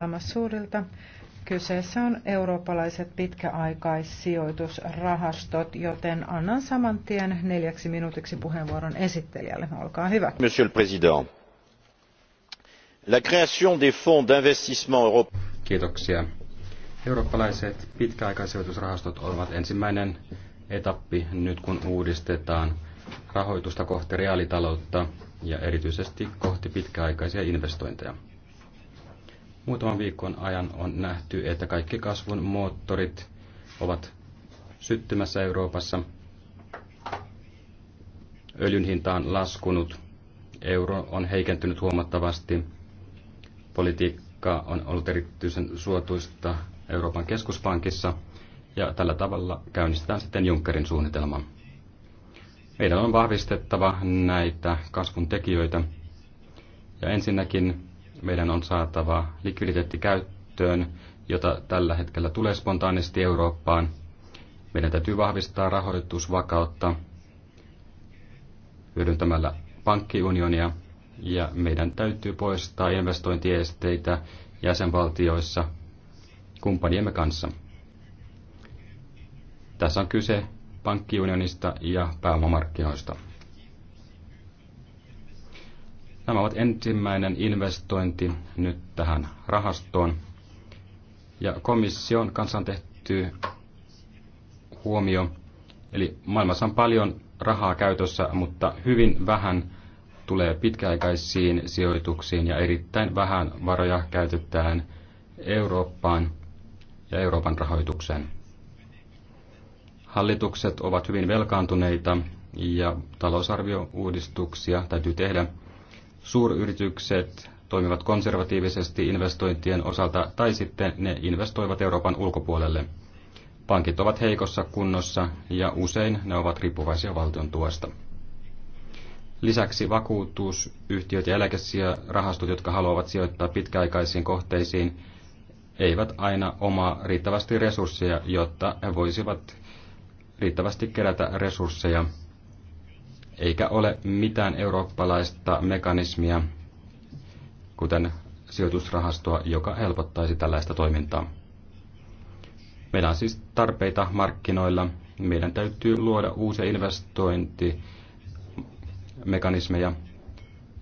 Lamassuurilta. Kyseessä on eurooppalaiset pitkäaikaissijoitusrahastot, joten annan saman tien neljäksi minuutiksi puheenvuoron esittelijälle. Olkaa hyvä. Monsieur le Président, la création des fonds d'investissement Europe. Kiitoksia. Eurooppalaiset pitkäaikaisijoitusrahastot ovat ensimmäinen etappi nyt kun uudistetaan rahoitusta kohti reaalitaloutta ja erityisesti kohti pitkäaikaisia investointeja. Muutaman viikon ajan on nähty, että kaikki kasvun moottorit ovat syttymässä Euroopassa. Öljyn hinta on laskunut, euro on heikentynyt huomattavasti, politiikka on ollut erityisen suotuista Euroopan keskuspankissa ja tällä tavalla käynnistetään sitten Junckerin suunnitelma. Meidän on vahvistettava näitä kasvun tekijöitä ja ensinnäkin meidän on saatava likviditeetti käyttöön, jota tällä hetkellä tulee spontaanisti Eurooppaan. Meidän täytyy vahvistaa rahoitusvakautta hyödyntämällä pankkiunionia ja meidän täytyy poistaa investointiesteitä jäsenvaltioissa kumppaniemme kanssa. Tässä on kyse pankkiunionista ja pääomamarkkinoista. Nämä ovat ensimmäinen investointi nyt tähän rahastoon. Ja komission kanssa on tehty huomio. Eli maailmassa on paljon rahaa käytössä, mutta hyvin vähän tulee pitkäaikaisiin sijoituksiin ja erittäin vähän varoja käytetään Eurooppaan ja Euroopan rahoitukseen. Hallitukset ovat hyvin velkaantuneita ja talousarviouudistuksia täytyy tehdä, Suuryritykset toimivat konservatiivisesti investointien osalta tai sitten ne investoivat Euroopan ulkopuolelle. Pankit ovat heikossa kunnossa ja usein ne ovat riippuvaisia valtion tuosta. Lisäksi vakuutusyhtiöt ja rahastot, jotka haluavat sijoittaa pitkäaikaisiin kohteisiin, eivät aina omaa riittävästi resursseja, jotta he voisivat riittävästi kerätä resursseja eikä ole mitään eurooppalaista mekanismia, kuten sijoitusrahastoa, joka helpottaisi tällaista toimintaa. Meillä on siis tarpeita markkinoilla. Meidän täytyy luoda uusia investointimekanismeja,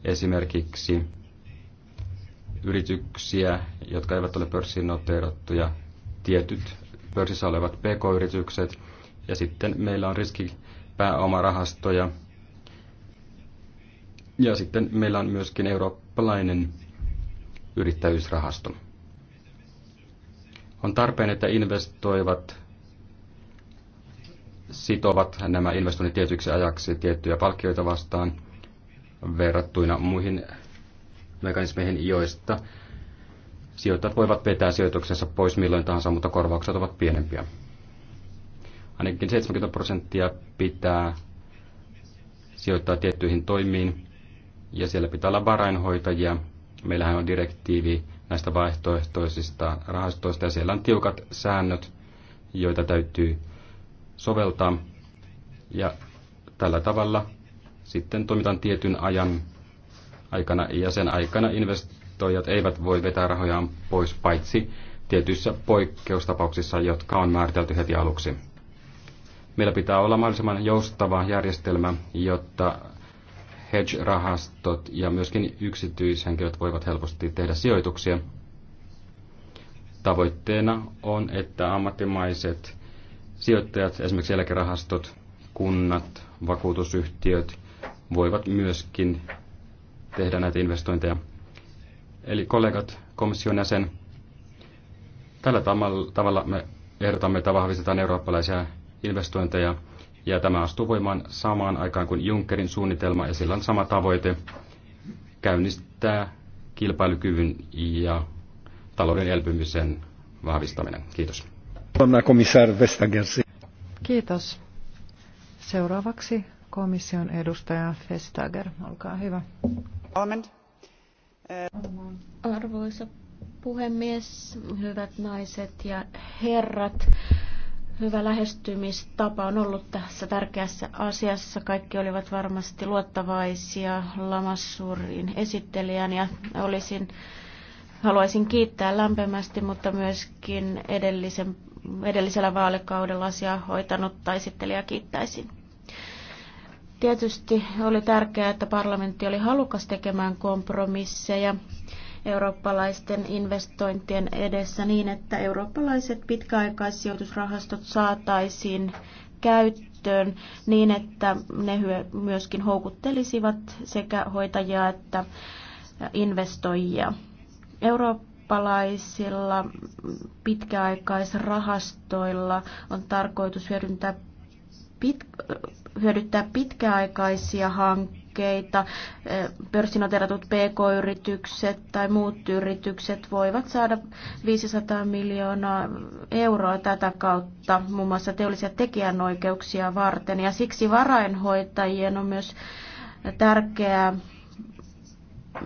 esimerkiksi yrityksiä, jotka eivät ole pörssiin noteerattuja, tietyt pörssissä olevat pk-yritykset, ja sitten meillä on riskipääomarahastoja, ja sitten meillä on myöskin eurooppalainen yrittäjyysrahasto. On tarpeen, että investoivat sitovat nämä investoinnit tietyksi ajaksi tiettyjä palkkioita vastaan verrattuina muihin mekanismeihin, joista sijoittajat voivat vetää sijoituksensa pois milloin tahansa, mutta korvaukset ovat pienempiä. Ainakin 70 prosenttia pitää sijoittaa tiettyihin toimiin, ja siellä pitää olla varainhoitajia. Meillähän on direktiivi näistä vaihtoehtoisista rahastoista ja siellä on tiukat säännöt, joita täytyy soveltaa. Ja tällä tavalla sitten toimitaan tietyn ajan aikana ja sen aikana investoijat eivät voi vetää rahojaan pois paitsi tietyissä poikkeustapauksissa, jotka on määritelty heti aluksi. Meillä pitää olla mahdollisimman joustava järjestelmä, jotta hedge-rahastot ja myöskin yksityishenkilöt voivat helposti tehdä sijoituksia. Tavoitteena on, että ammattimaiset sijoittajat, esimerkiksi eläkerahastot, kunnat, vakuutusyhtiöt voivat myöskin tehdä näitä investointeja. Eli kollegat, komission jäsen, tällä tavalla me ehdotamme, että vahvistetaan eurooppalaisia investointeja ja tämä astuu voimaan samaan aikaan kuin Junckerin suunnitelma ja sillä on sama tavoite käynnistää kilpailukyvyn ja talouden elpymisen vahvistaminen. Kiitos. Kiitos. Seuraavaksi komission edustaja Vestager, olkaa hyvä. Arvoisa puhemies, hyvät naiset ja herrat hyvä lähestymistapa on ollut tässä tärkeässä asiassa. Kaikki olivat varmasti luottavaisia Lamassurin esittelijän ja olisin, haluaisin kiittää lämpimästi, mutta myöskin edellisen, edellisellä vaalikaudella asiaa hoitanut tai esittelijä kiittäisin. Tietysti oli tärkeää, että parlamentti oli halukas tekemään kompromisseja eurooppalaisten investointien edessä niin, että eurooppalaiset pitkäaikaissijoitusrahastot saataisiin käyttöön niin, että ne myöskin houkuttelisivat sekä hoitajia että investoijia. Eurooppalaisilla pitkäaikaisrahastoilla on tarkoitus hyödyntää pit, hyödyttää pitkäaikaisia hankkeita osakkeita, pörssinoteratut pk-yritykset tai muut yritykset voivat saada 500 miljoonaa euroa tätä kautta muun muassa teollisia tekijänoikeuksia varten. Ja siksi varainhoitajien on myös tärkeää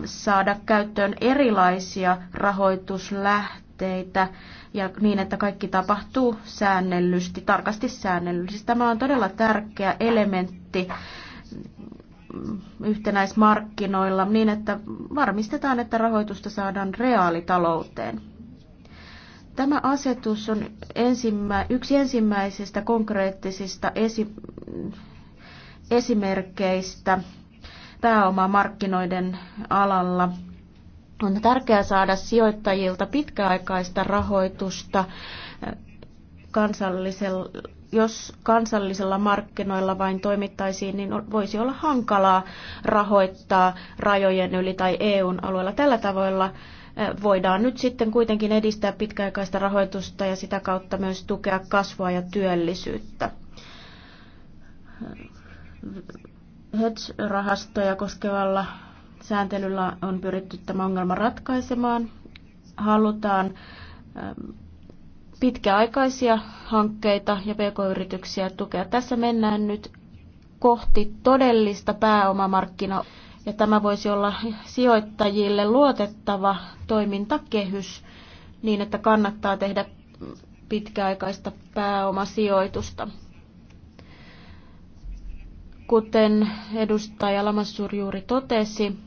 saada käyttöön erilaisia rahoituslähteitä ja niin, että kaikki tapahtuu säännellysti, tarkasti säännellysti. Tämä on todella tärkeä elementti yhtenäismarkkinoilla niin, että varmistetaan, että rahoitusta saadaan reaalitalouteen. Tämä asetus on ensimmä, yksi ensimmäisistä konkreettisista esi, esimerkkeistä pääomamarkkinoiden alalla. On tärkeää saada sijoittajilta pitkäaikaista rahoitusta kansallisella jos kansallisella markkinoilla vain toimittaisiin, niin voisi olla hankalaa rahoittaa rajojen yli tai EUn alueella. Tällä tavoilla voidaan nyt sitten kuitenkin edistää pitkäaikaista rahoitusta ja sitä kautta myös tukea kasvua ja työllisyyttä. Hedge-rahastoja koskevalla sääntelyllä on pyritty tämä ongelma ratkaisemaan. Halutaan pitkäaikaisia hankkeita ja pk-yrityksiä tukea. Tässä mennään nyt kohti todellista pääomamarkkinaa ja tämä voisi olla sijoittajille luotettava toimintakehys niin, että kannattaa tehdä pitkäaikaista pääomasijoitusta. Kuten edustaja Lamassur juuri totesi,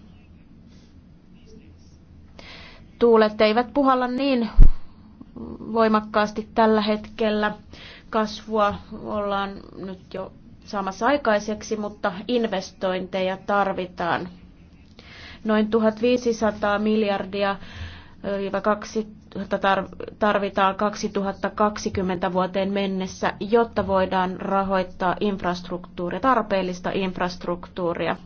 tuulet eivät puhalla niin voimakkaasti tällä hetkellä. Kasvua ollaan nyt jo saamassa aikaiseksi, mutta investointeja tarvitaan. Noin 1500 miljardia 200 tarvitaan 2020 vuoteen mennessä, jotta voidaan rahoittaa infrastruktuuria, tarpeellista infrastruktuuria.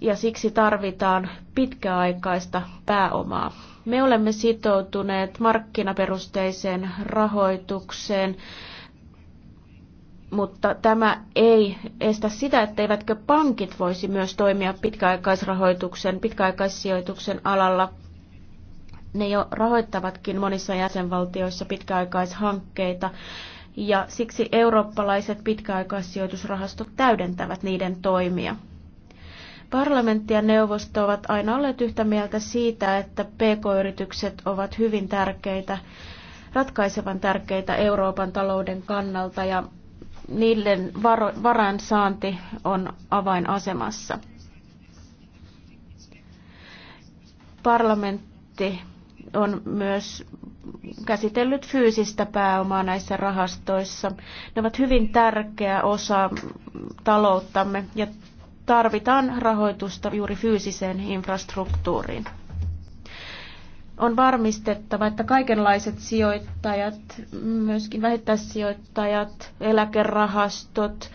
Ja siksi tarvitaan pitkäaikaista pääomaa. Me olemme sitoutuneet markkinaperusteiseen rahoitukseen, mutta tämä ei estä sitä, etteivätkö pankit voisi myös toimia pitkäaikaisrahoituksen, pitkäaikaissijoituksen alalla. Ne jo rahoittavatkin monissa jäsenvaltioissa pitkäaikaishankkeita ja siksi eurooppalaiset pitkäaikaissijoitusrahastot täydentävät niiden toimia. Parlamentti ja neuvosto ovat aina olleet yhtä mieltä siitä, että pk-yritykset ovat hyvin tärkeitä, ratkaisevan tärkeitä Euroopan talouden kannalta ja niiden varan saanti on avainasemassa. Parlamentti on myös käsitellyt fyysistä pääomaa näissä rahastoissa. Ne ovat hyvin tärkeä osa talouttamme ja tarvitaan rahoitusta juuri fyysiseen infrastruktuuriin. On varmistettava, että kaikenlaiset sijoittajat, myöskin vähittäissijoittajat, eläkerahastot,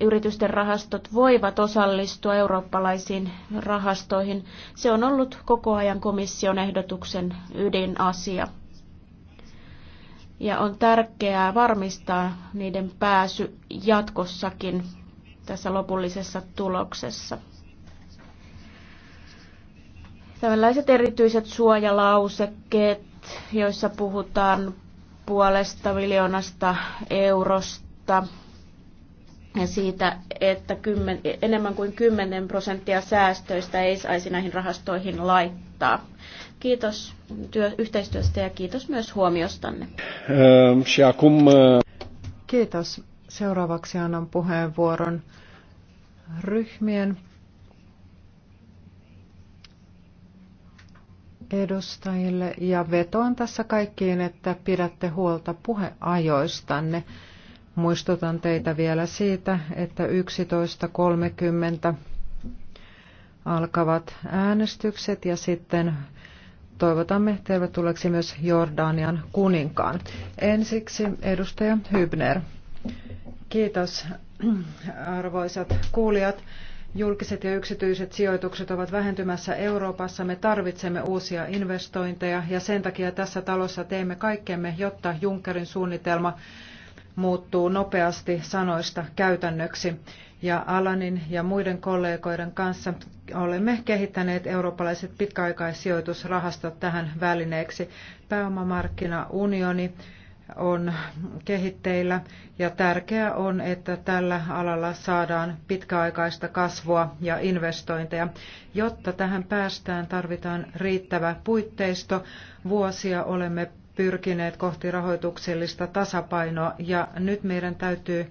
yritysten rahastot voivat osallistua eurooppalaisiin rahastoihin. Se on ollut koko ajan komission ehdotuksen ydinasia. Ja on tärkeää varmistaa niiden pääsy jatkossakin tässä lopullisessa tuloksessa. Tällaiset erityiset suojalausekkeet, joissa puhutaan puolesta miljoonasta eurosta ja siitä, että kymmen, enemmän kuin 10 prosenttia säästöistä ei saisi näihin rahastoihin laittaa. Kiitos työ, yhteistyöstä ja kiitos myös huomiostanne. Ähm, äh, kiitos. Seuraavaksi annan puheenvuoron ryhmien edustajille ja vetoan tässä kaikkiin, että pidätte huolta puheajoistanne. Muistutan teitä vielä siitä, että 11.30 alkavat äänestykset ja sitten toivotamme tervetulleeksi myös Jordanian kuninkaan. Ensiksi edustaja Hybner. Kiitos, arvoisat kuulijat. Julkiset ja yksityiset sijoitukset ovat vähentymässä Euroopassa. Me tarvitsemme uusia investointeja ja sen takia tässä talossa teemme kaikkemme, jotta Junckerin suunnitelma muuttuu nopeasti sanoista käytännöksi. Ja Alanin ja muiden kollegoiden kanssa olemme kehittäneet eurooppalaiset pitkäaikaissijoitusrahastot tähän välineeksi. Pääomamarkkinaunioni unioni on kehitteillä ja tärkeää on, että tällä alalla saadaan pitkäaikaista kasvua ja investointeja. Jotta tähän päästään, tarvitaan riittävä puitteisto. Vuosia olemme pyrkineet kohti rahoituksellista tasapainoa ja nyt meidän täytyy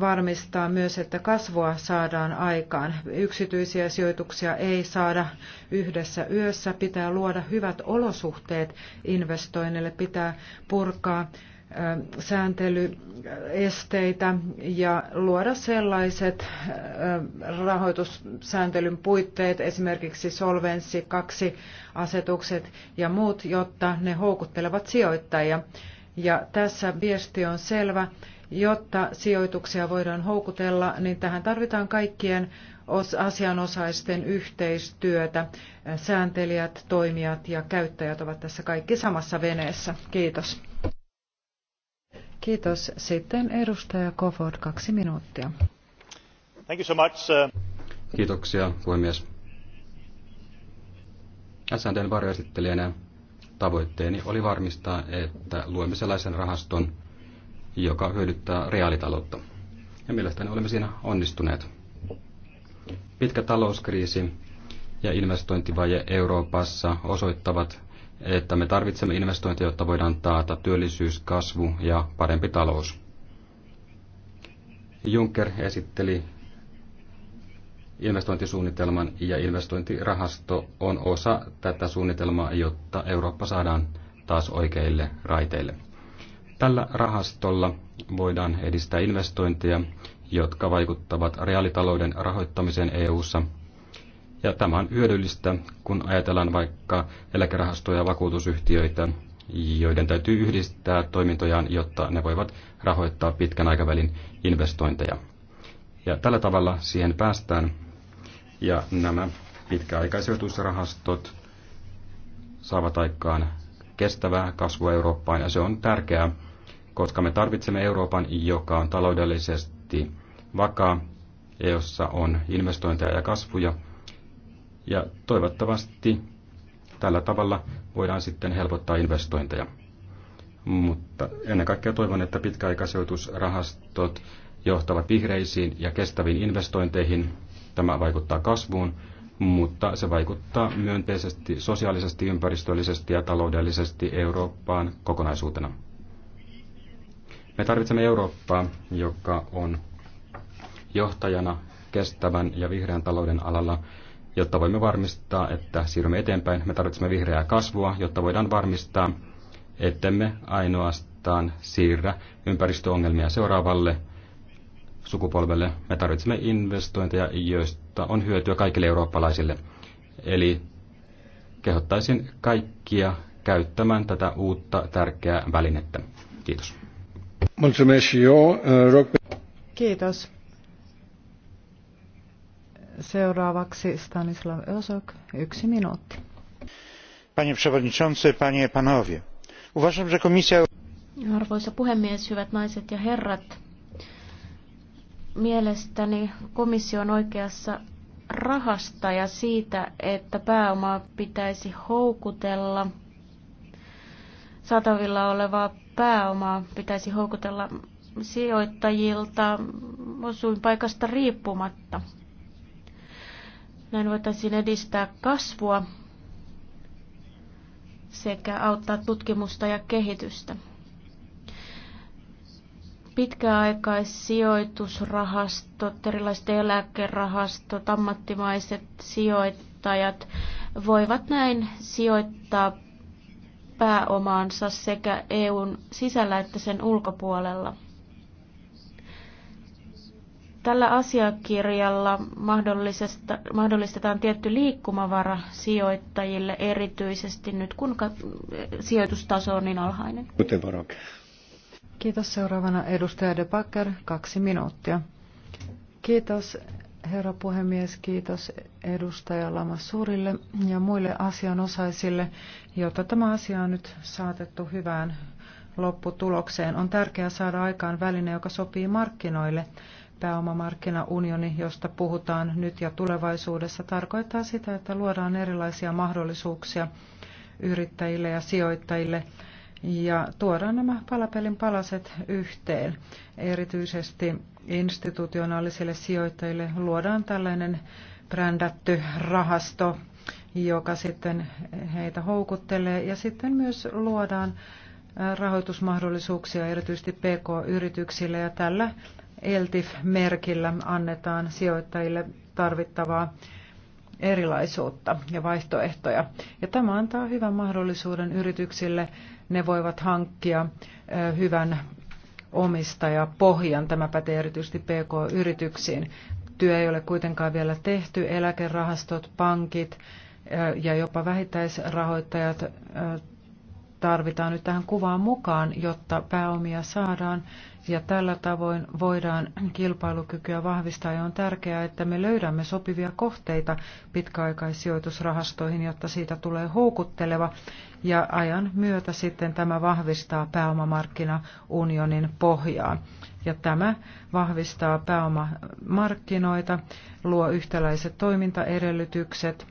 varmistaa myös, että kasvua saadaan aikaan. Yksityisiä sijoituksia ei saada yhdessä yössä. Pitää luoda hyvät olosuhteet investoinnille, pitää purkaa sääntelyesteitä ja luoda sellaiset rahoitussääntelyn puitteet, esimerkiksi solvenssi kaksi asetukset ja muut, jotta ne houkuttelevat sijoittajia. Ja tässä viesti on selvä Jotta sijoituksia voidaan houkutella, niin tähän tarvitaan kaikkien asianosaisten yhteistyötä. Sääntelijät, toimijat ja käyttäjät ovat tässä kaikki samassa veneessä. Kiitos. Kiitos. Sitten edustaja Kofod, kaksi minuuttia. Thank you so much. Kiitoksia, puhemies. SNDn varjoesittelijänä tavoitteeni oli varmistaa, että luemme sellaisen rahaston, joka hyödyttää reaalitaloutta. Ja mielestäni olemme siinä onnistuneet. Pitkä talouskriisi ja investointivaje Euroopassa osoittavat, että me tarvitsemme investointeja, jotta voidaan taata työllisyys, kasvu ja parempi talous. Juncker esitteli investointisuunnitelman ja investointirahasto on osa tätä suunnitelmaa, jotta Eurooppa saadaan taas oikeille raiteille. Tällä rahastolla voidaan edistää investointeja, jotka vaikuttavat reaalitalouden rahoittamiseen EU:ssa. Ja tämä on hyödyllistä, kun ajatellaan vaikka eläkerahastoja ja vakuutusyhtiöitä, joiden täytyy yhdistää toimintojaan, jotta ne voivat rahoittaa pitkän aikavälin investointeja. Ja tällä tavalla siihen päästään. Ja nämä pitkäaikaisijoitusrahastot saavat aikaan kestävää kasvua Eurooppaan, ja se on tärkeää, koska me tarvitsemme Euroopan, joka on taloudellisesti vakaa, jossa on investointeja ja kasvuja. Ja toivottavasti tällä tavalla voidaan sitten helpottaa investointeja. Mutta ennen kaikkea toivon, että pitkäaikaisijoitusrahastot johtavat vihreisiin ja kestäviin investointeihin. Tämä vaikuttaa kasvuun, mutta se vaikuttaa myönteisesti sosiaalisesti, ympäristöllisesti ja taloudellisesti Eurooppaan kokonaisuutena. Me tarvitsemme Eurooppaa, joka on johtajana kestävän ja vihreän talouden alalla, jotta voimme varmistaa, että siirrymme eteenpäin. Me tarvitsemme vihreää kasvua, jotta voidaan varmistaa, ettemme ainoastaan siirrä ympäristöongelmia seuraavalle sukupolvelle. Me tarvitsemme investointeja, joista on hyötyä kaikille eurooppalaisille. Eli kehottaisin kaikkia käyttämään tätä uutta tärkeää välinettä. Kiitos. Uh, Kiitos. Seuraavaksi Stanislav Osok, yksi minuutti. Panie przewodniczący, panie ja panowie. Uważam, że komisja... Arvoisa puhemies, hyvät naiset ja herrat. Mielestäni komissio on oikeassa rahasta ja siitä, että pääomaa pitäisi houkutella saatavilla olevaa pääomaa pitäisi houkutella sijoittajilta osuinpaikasta riippumatta. Näin voitaisiin edistää kasvua sekä auttaa tutkimusta ja kehitystä. Pitkäaikaissijoitusrahastot, erilaiset eläkerahastot, ammattimaiset sijoittajat voivat näin sijoittaa pääomaansa sekä EUn sisällä että sen ulkopuolella. Tällä asiakirjalla mahdollistetaan tietty liikkumavara sijoittajille erityisesti nyt, kun sijoitustaso on niin alhainen. Kiitos. Seuraavana edustaja De Backer, kaksi minuuttia. Kiitos herra puhemies, kiitos edustaja suurille ja muille asianosaisille, jotta tämä asia on nyt saatettu hyvään lopputulokseen. On tärkeää saada aikaan väline, joka sopii markkinoille. Pääomamarkkinaunioni, josta puhutaan nyt ja tulevaisuudessa, tarkoittaa sitä, että luodaan erilaisia mahdollisuuksia yrittäjille ja sijoittajille ja tuodaan nämä palapelin palaset yhteen. Erityisesti institutionaalisille sijoittajille luodaan tällainen brändätty rahasto, joka sitten heitä houkuttelee ja sitten myös luodaan rahoitusmahdollisuuksia erityisesti PK-yrityksille ja tällä ELTIF-merkillä annetaan sijoittajille tarvittavaa erilaisuutta ja vaihtoehtoja. Ja tämä antaa hyvän mahdollisuuden yrityksille. Ne voivat hankkia hyvän omistajapohjan. Tämä pätee erityisesti PK-yrityksiin. Työ ei ole kuitenkaan vielä tehty. Eläkerahastot, pankit ja jopa vähittäisrahoittajat tarvitaan nyt tähän kuvaan mukaan, jotta pääomia saadaan ja tällä tavoin voidaan kilpailukykyä vahvistaa ja on tärkeää, että me löydämme sopivia kohteita pitkäaikaissijoitusrahastoihin, jotta siitä tulee houkutteleva ja ajan myötä sitten tämä vahvistaa pääomamarkkinaunionin pohjaa. Ja tämä vahvistaa pääomamarkkinoita, luo yhtäläiset toimintaedellytykset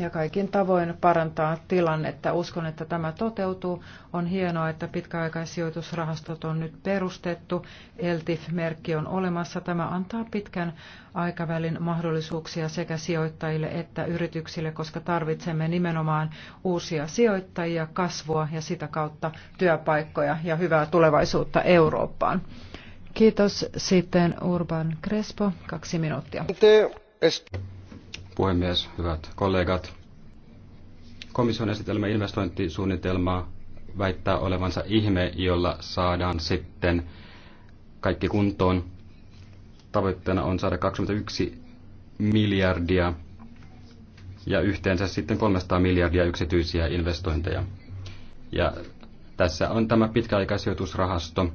ja kaikin tavoin parantaa tilannetta. Uskon, että tämä toteutuu. On hienoa, että pitkäaikaissijoitusrahastot on nyt perustettu. ELTIF-merkki on olemassa. Tämä antaa pitkän aikavälin mahdollisuuksia sekä sijoittajille että yrityksille, koska tarvitsemme nimenomaan uusia sijoittajia, kasvua ja sitä kautta työpaikkoja ja hyvää tulevaisuutta Eurooppaan. Kiitos. Sitten Urban Crespo, kaksi minuuttia puhemies, hyvät kollegat. Komission esitelmä investointisuunnitelmaa väittää olevansa ihme, jolla saadaan sitten kaikki kuntoon. Tavoitteena on saada 21 miljardia ja yhteensä sitten 300 miljardia yksityisiä investointeja. Ja tässä on tämä pitkäaikaisijoitusrahasto,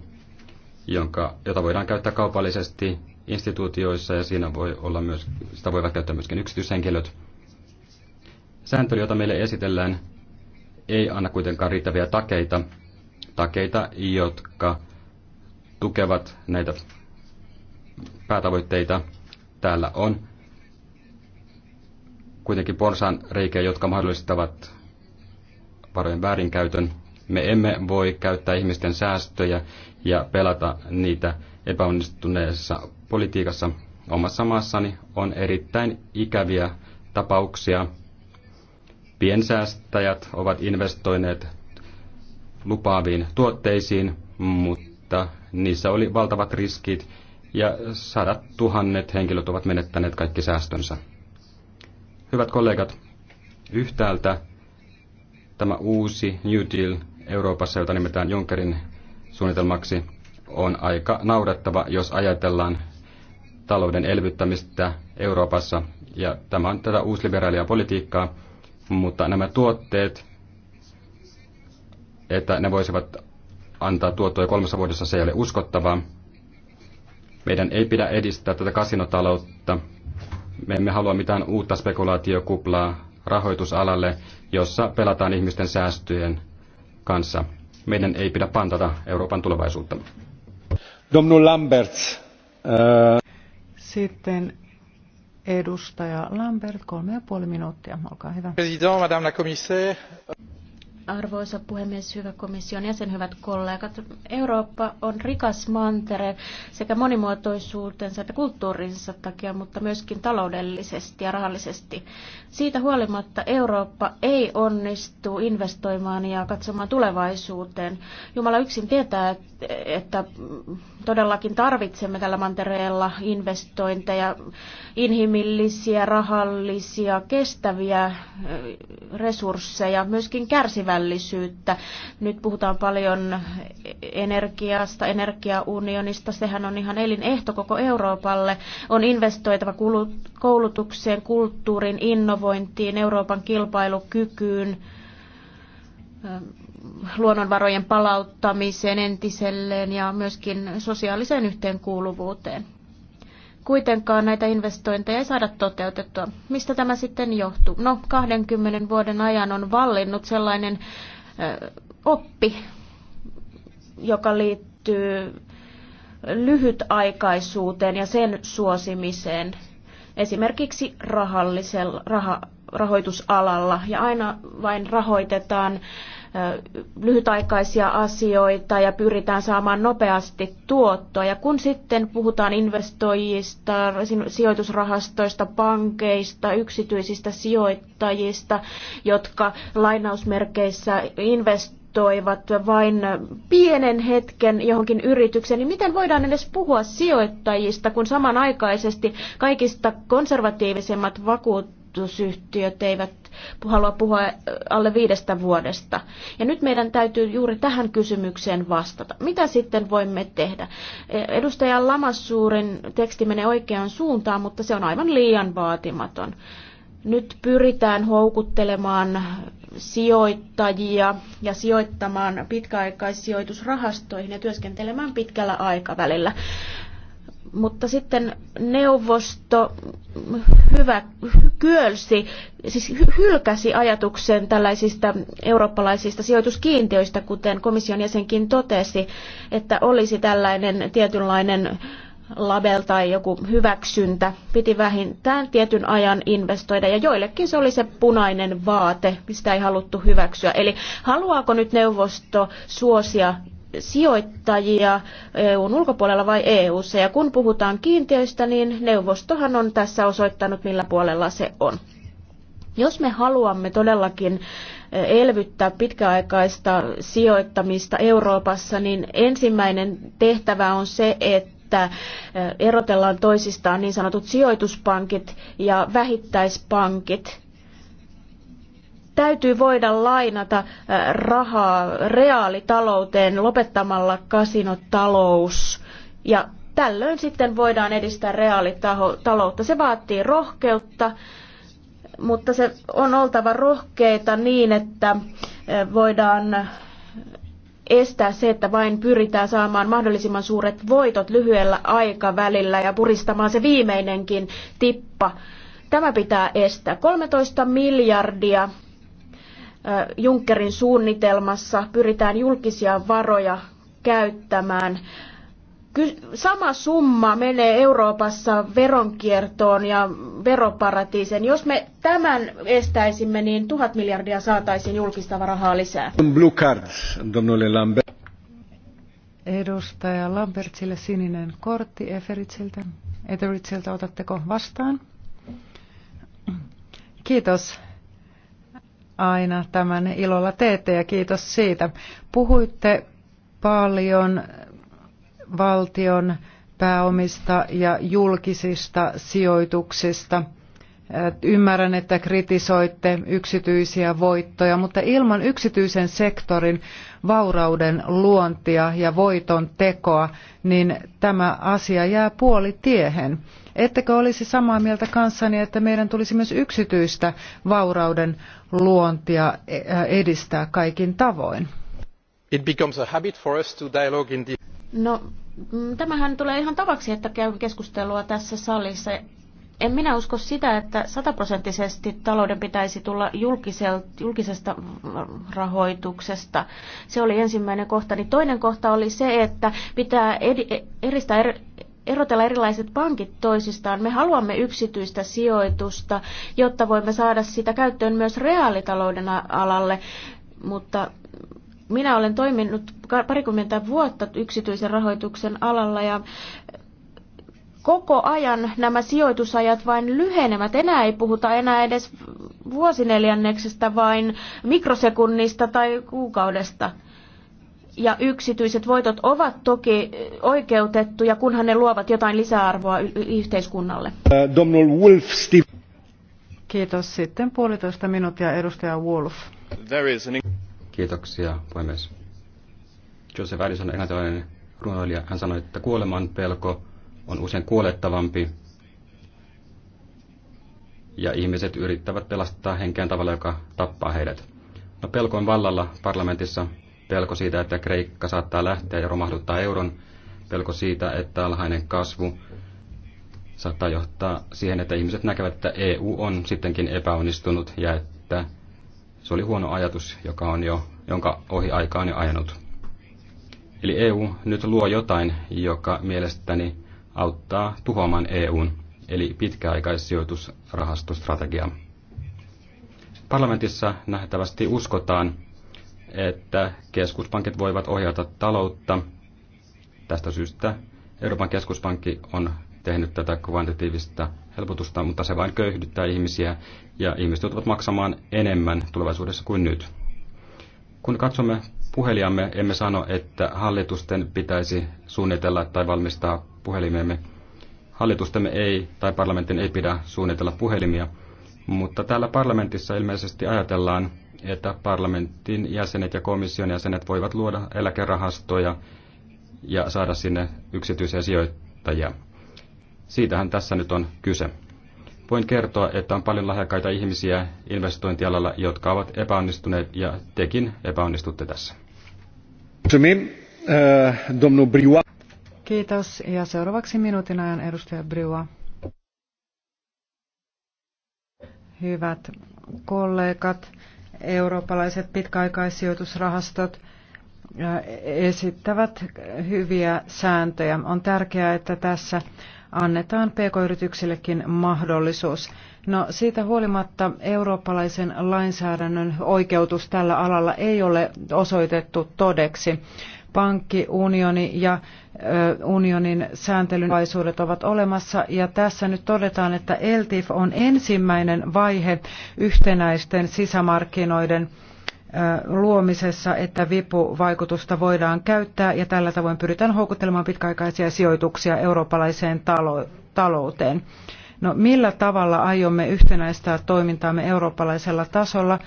jonka, jota voidaan käyttää kaupallisesti instituutioissa ja siinä voi olla myös, sitä voivat käyttää myöskin yksityishenkilöt. Sääntely, jota meille esitellään, ei anna kuitenkaan riittäviä takeita, takeita, jotka tukevat näitä päätavoitteita. Täällä on kuitenkin porsan reikiä, jotka mahdollistavat varojen väärinkäytön. Me emme voi käyttää ihmisten säästöjä ja pelata niitä epäonnistuneessa politiikassa omassa maassani on erittäin ikäviä tapauksia. Piensäästäjät ovat investoineet lupaaviin tuotteisiin, mutta niissä oli valtavat riskit ja sadat tuhannet henkilöt ovat menettäneet kaikki säästönsä. Hyvät kollegat, yhtäältä tämä uusi New Deal Euroopassa, jota nimetään Junckerin suunnitelmaksi, on aika naurettava, jos ajatellaan talouden elvyttämistä Euroopassa, ja tämä on tätä uusliberaalia politiikkaa, mutta nämä tuotteet, että ne voisivat antaa tuottoja kolmessa vuodessa, se ei ole uskottavaa. Meidän ei pidä edistää tätä kasinotaloutta. Me emme halua mitään uutta spekulaatiokuplaa rahoitusalalle, jossa pelataan ihmisten säästöjen kanssa. Meidän ei pidä pantata Euroopan tulevaisuutta. Domnul Lamberts. Uh... Sitten edustaja Lambert, kolme ja puoli minuuttia, olkaa hyvä. madame la commissaire. Arvoisa puhemies, hyvä komission jäsen, hyvät kollegat. Eurooppa on rikas mantere sekä monimuotoisuutensa että kulttuurinsa takia, mutta myöskin taloudellisesti ja rahallisesti. Siitä huolimatta Eurooppa ei onnistu investoimaan ja katsomaan tulevaisuuteen. Jumala yksin tietää, että todellakin tarvitsemme tällä mantereella investointeja, inhimillisiä, rahallisia, kestäviä resursseja, myöskin kärsivää ystävällisyyttä. Nyt puhutaan paljon energiasta, energiaunionista. Sehän on ihan elinehto koko Euroopalle. On investoitava koulutukseen, kulttuuriin, innovointiin, Euroopan kilpailukykyyn ähm, luonnonvarojen palauttamiseen entiselleen ja myöskin sosiaaliseen yhteenkuuluvuuteen kuitenkaan näitä investointeja ei saada toteutettua. Mistä tämä sitten johtuu? No, 20 vuoden ajan on vallinnut sellainen ö, oppi, joka liittyy lyhytaikaisuuteen ja sen suosimiseen esimerkiksi rahallisella, raha, rahoitusalalla ja aina vain rahoitetaan lyhytaikaisia asioita ja pyritään saamaan nopeasti tuottoa. Ja kun sitten puhutaan investoijista, sijoitusrahastoista, pankeista, yksityisistä sijoittajista, jotka lainausmerkeissä investoivat vain pienen hetken johonkin yritykseen, niin miten voidaan edes puhua sijoittajista, kun samanaikaisesti kaikista konservatiivisemmat vakuutusyhtiöt eivät halua puhua äh, alle viidestä vuodesta. Ja nyt meidän täytyy juuri tähän kysymykseen vastata. Mitä sitten voimme tehdä? E, edustaja Lamassuurin teksti menee oikeaan suuntaan, mutta se on aivan liian vaatimaton. Nyt pyritään houkuttelemaan sijoittajia ja sijoittamaan pitkäaikaissijoitusrahastoihin ja työskentelemään pitkällä aikavälillä. Mutta sitten neuvosto hyvä, kyölsi, siis hylkäsi ajatuksen tällaisista eurooppalaisista sijoituskiintiöistä, kuten komission jäsenkin totesi, että olisi tällainen tietynlainen label tai joku hyväksyntä. Piti vähintään tietyn ajan investoida ja joillekin se oli se punainen vaate, mistä ei haluttu hyväksyä. Eli haluaako nyt neuvosto suosia sijoittajia EUn ulkopuolella vai EUssa. Ja kun puhutaan kiintiöistä, niin neuvostohan on tässä osoittanut, millä puolella se on. Jos me haluamme todellakin eh, elvyttää pitkäaikaista sijoittamista Euroopassa, niin ensimmäinen tehtävä on se, että eh, erotellaan toisistaan niin sanotut sijoituspankit ja vähittäispankit. Täytyy voida lainata äh, rahaa reaalitalouteen lopettamalla kasinotalous. Ja tällöin sitten voidaan edistää reaalitaloutta. Se vaatii rohkeutta, mutta se on oltava rohkeita niin, että äh, voidaan estää se, että vain pyritään saamaan mahdollisimman suuret voitot lyhyellä aikavälillä ja puristamaan se viimeinenkin tippa. Tämä pitää estää. 13 miljardia Junckerin suunnitelmassa pyritään julkisia varoja käyttämään. Sama summa menee Euroopassa veronkiertoon ja veroparatiiseen. Jos me tämän estäisimme, niin tuhat miljardia saataisiin julkista rahaa lisää. Blue card, Lambert. Edustaja Lambertsille sininen kortti Eferitsiltä. Eferitsiltä otatteko vastaan? Kiitos aina tämän ilolla teette ja kiitos siitä. Puhuitte paljon valtion pääomista ja julkisista sijoituksista. Äh, ymmärrän, että kritisoitte yksityisiä voittoja, mutta ilman yksityisen sektorin vaurauden luontia ja voiton tekoa, niin tämä asia jää puolitiehen. tiehen Ettekö olisi samaa mieltä kanssani, että meidän tulisi myös yksityistä vaurauden luontia eh, eh, edistää kaikin tavoin? It becomes a habit for us to dialogue in the... No, mm, tämähän tulee ihan tavaksi, että käy keskustelua tässä salissa. En minä usko sitä, että sataprosenttisesti talouden pitäisi tulla julkisesta rahoituksesta. Se oli ensimmäinen kohta. Niin toinen kohta oli se, että pitää edistää e-, er- erotella erilaiset pankit toisistaan. Me haluamme yksityistä sijoitusta, jotta voimme saada sitä käyttöön myös reaalitalouden alalle, mutta minä olen toiminut parikymmentä vuotta yksityisen rahoituksen alalla ja koko ajan nämä sijoitusajat vain lyhenevät. Enää ei puhuta enää edes vuosineljänneksestä, vain mikrosekunnista tai kuukaudesta ja yksityiset voitot ovat toki oikeutettuja, kunhan ne luovat jotain lisäarvoa yhteiskunnalle. Äh, domnul Kiitos. Sitten puolitoista minuuttia edustaja Wolf. Kiitoksia, puhemies. Joseph Addison, englantilainen runoilija, hän sanoi, että kuoleman pelko on usein kuolettavampi ja ihmiset yrittävät pelastaa henkeään tavalla, joka tappaa heidät. No, pelko on vallalla parlamentissa pelko siitä, että Kreikka saattaa lähteä ja romahduttaa euron, pelko siitä, että alhainen kasvu saattaa johtaa siihen, että ihmiset näkevät, että EU on sittenkin epäonnistunut ja että se oli huono ajatus, joka on jo, jonka ohi aika on jo ajanut. Eli EU nyt luo jotain, joka mielestäni auttaa tuhoamaan EUn, eli pitkäaikaissijoitusrahastostrategiaa. Parlamentissa nähtävästi uskotaan, että keskuspankit voivat ohjata taloutta. Tästä syystä Euroopan keskuspankki on tehnyt tätä kvantitiivista helpotusta, mutta se vain köyhdyttää ihmisiä ja ihmiset joutuvat maksamaan enemmän tulevaisuudessa kuin nyt. Kun katsomme puheliamme, emme sano, että hallitusten pitäisi suunnitella tai valmistaa puhelimemme. Hallitustemme ei tai parlamentin ei pidä suunnitella puhelimia, mutta täällä parlamentissa ilmeisesti ajatellaan, että parlamentin jäsenet ja komission jäsenet voivat luoda eläkerahastoja ja saada sinne yksityisiä sijoittajia. Siitähän tässä nyt on kyse. Voin kertoa, että on paljon lahjakkaita ihmisiä investointialalla, jotka ovat epäonnistuneet ja tekin epäonnistutte tässä. Eh, Kiitos. Ja seuraavaksi minuutin ajan edustaja Briua. Hyvät kollegat, eurooppalaiset pitkäaikaissijoitusrahastot esittävät hyviä sääntöjä. On tärkeää, että tässä annetaan pk-yrityksillekin mahdollisuus. No siitä huolimatta eurooppalaisen lainsäädännön oikeutus tällä alalla ei ole osoitettu todeksi pankkiunioni ja unionin sääntelyn vaisuudet ovat olemassa. Ja tässä nyt todetaan, että LTIF on ensimmäinen vaihe yhtenäisten sisämarkkinoiden luomisessa, että vipuvaikutusta voidaan käyttää ja tällä tavoin pyritään houkuttelemaan pitkäaikaisia sijoituksia eurooppalaiseen talouteen. No, millä tavalla aiomme yhtenäistää toimintaamme eurooppalaisella tasolla?